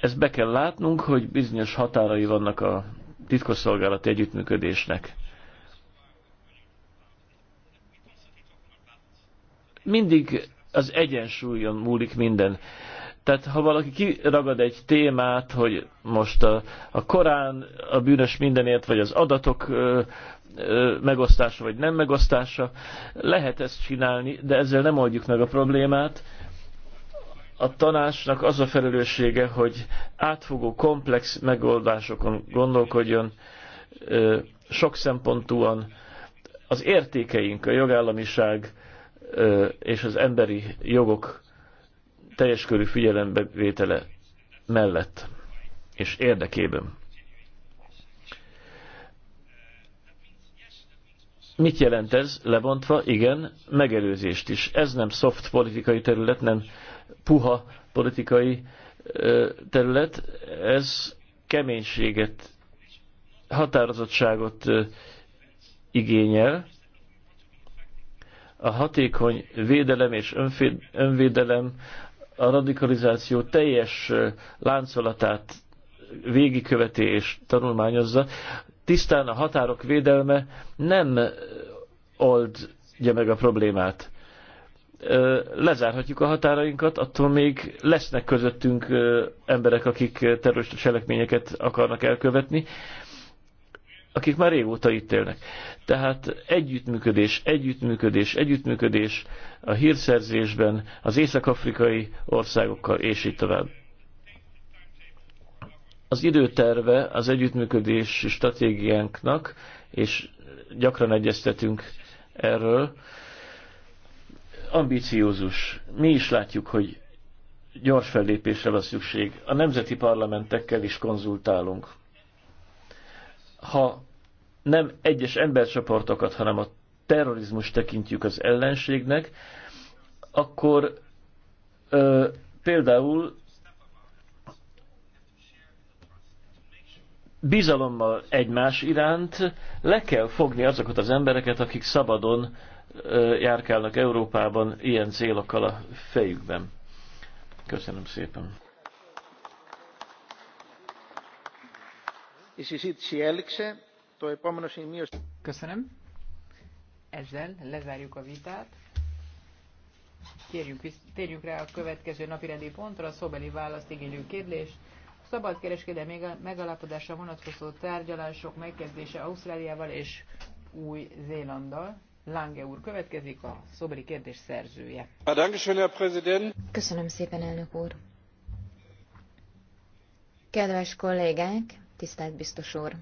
Ezt be kell látnunk, hogy bizonyos határai vannak a titkosszolgálati együttműködésnek. mindig az egyensúlyon múlik minden. Tehát ha valaki kiragad egy témát, hogy most a, a Korán a bűnös mindenért, vagy az adatok ö, ö, megosztása, vagy nem megosztása, lehet ezt csinálni, de ezzel nem oldjuk meg a problémát. A tanácsnak az a felelőssége, hogy átfogó, komplex megoldásokon gondolkodjon, ö, sok szempontúan az értékeink, a jogállamiság, és az emberi jogok teljes körű figyelembevétele mellett és érdekében. Mit jelent ez? Lebontva, igen, megelőzést is. Ez nem soft politikai terület, nem puha politikai terület, ez keménységet, határozottságot igényel, a hatékony védelem és önvédelem a radikalizáció teljes láncolatát végigköveti és tanulmányozza. Tisztán a határok védelme nem oldja meg a problémát. Lezárhatjuk a határainkat, attól még lesznek közöttünk emberek, akik terrorista cselekményeket akarnak elkövetni, akik már régóta itt élnek. Tehát együttműködés, együttműködés, együttműködés a hírszerzésben, az észak-afrikai országokkal, és így tovább. Az időterve az együttműködés stratégiánknak, és gyakran egyeztetünk erről, ambiciózus. Mi is látjuk, hogy gyors fellépésre van szükség. A nemzeti parlamentekkel is konzultálunk. Ha nem egyes embercsoportokat, hanem a terrorizmus tekintjük az ellenségnek, akkor ö, például bizalommal egymás iránt le kell fogni azokat az embereket, akik szabadon ö, járkálnak Európában ilyen célokkal a fejükben. Köszönöm szépen. És is itt Köszönöm. Ezzel lezárjuk a vitát. Kérjük, térjünk rá a következő napirendi pontra, a szobeli választ igénylő kérdés. A kereskedelmi megalapodásra vonatkozó tárgyalások megkezdése Ausztráliával és Új-Zélanddal. Lange úr következik, a szobeli kérdés szerzője. Köszönöm szépen, elnök úr. Kedves kollégák, tisztelt biztos úr!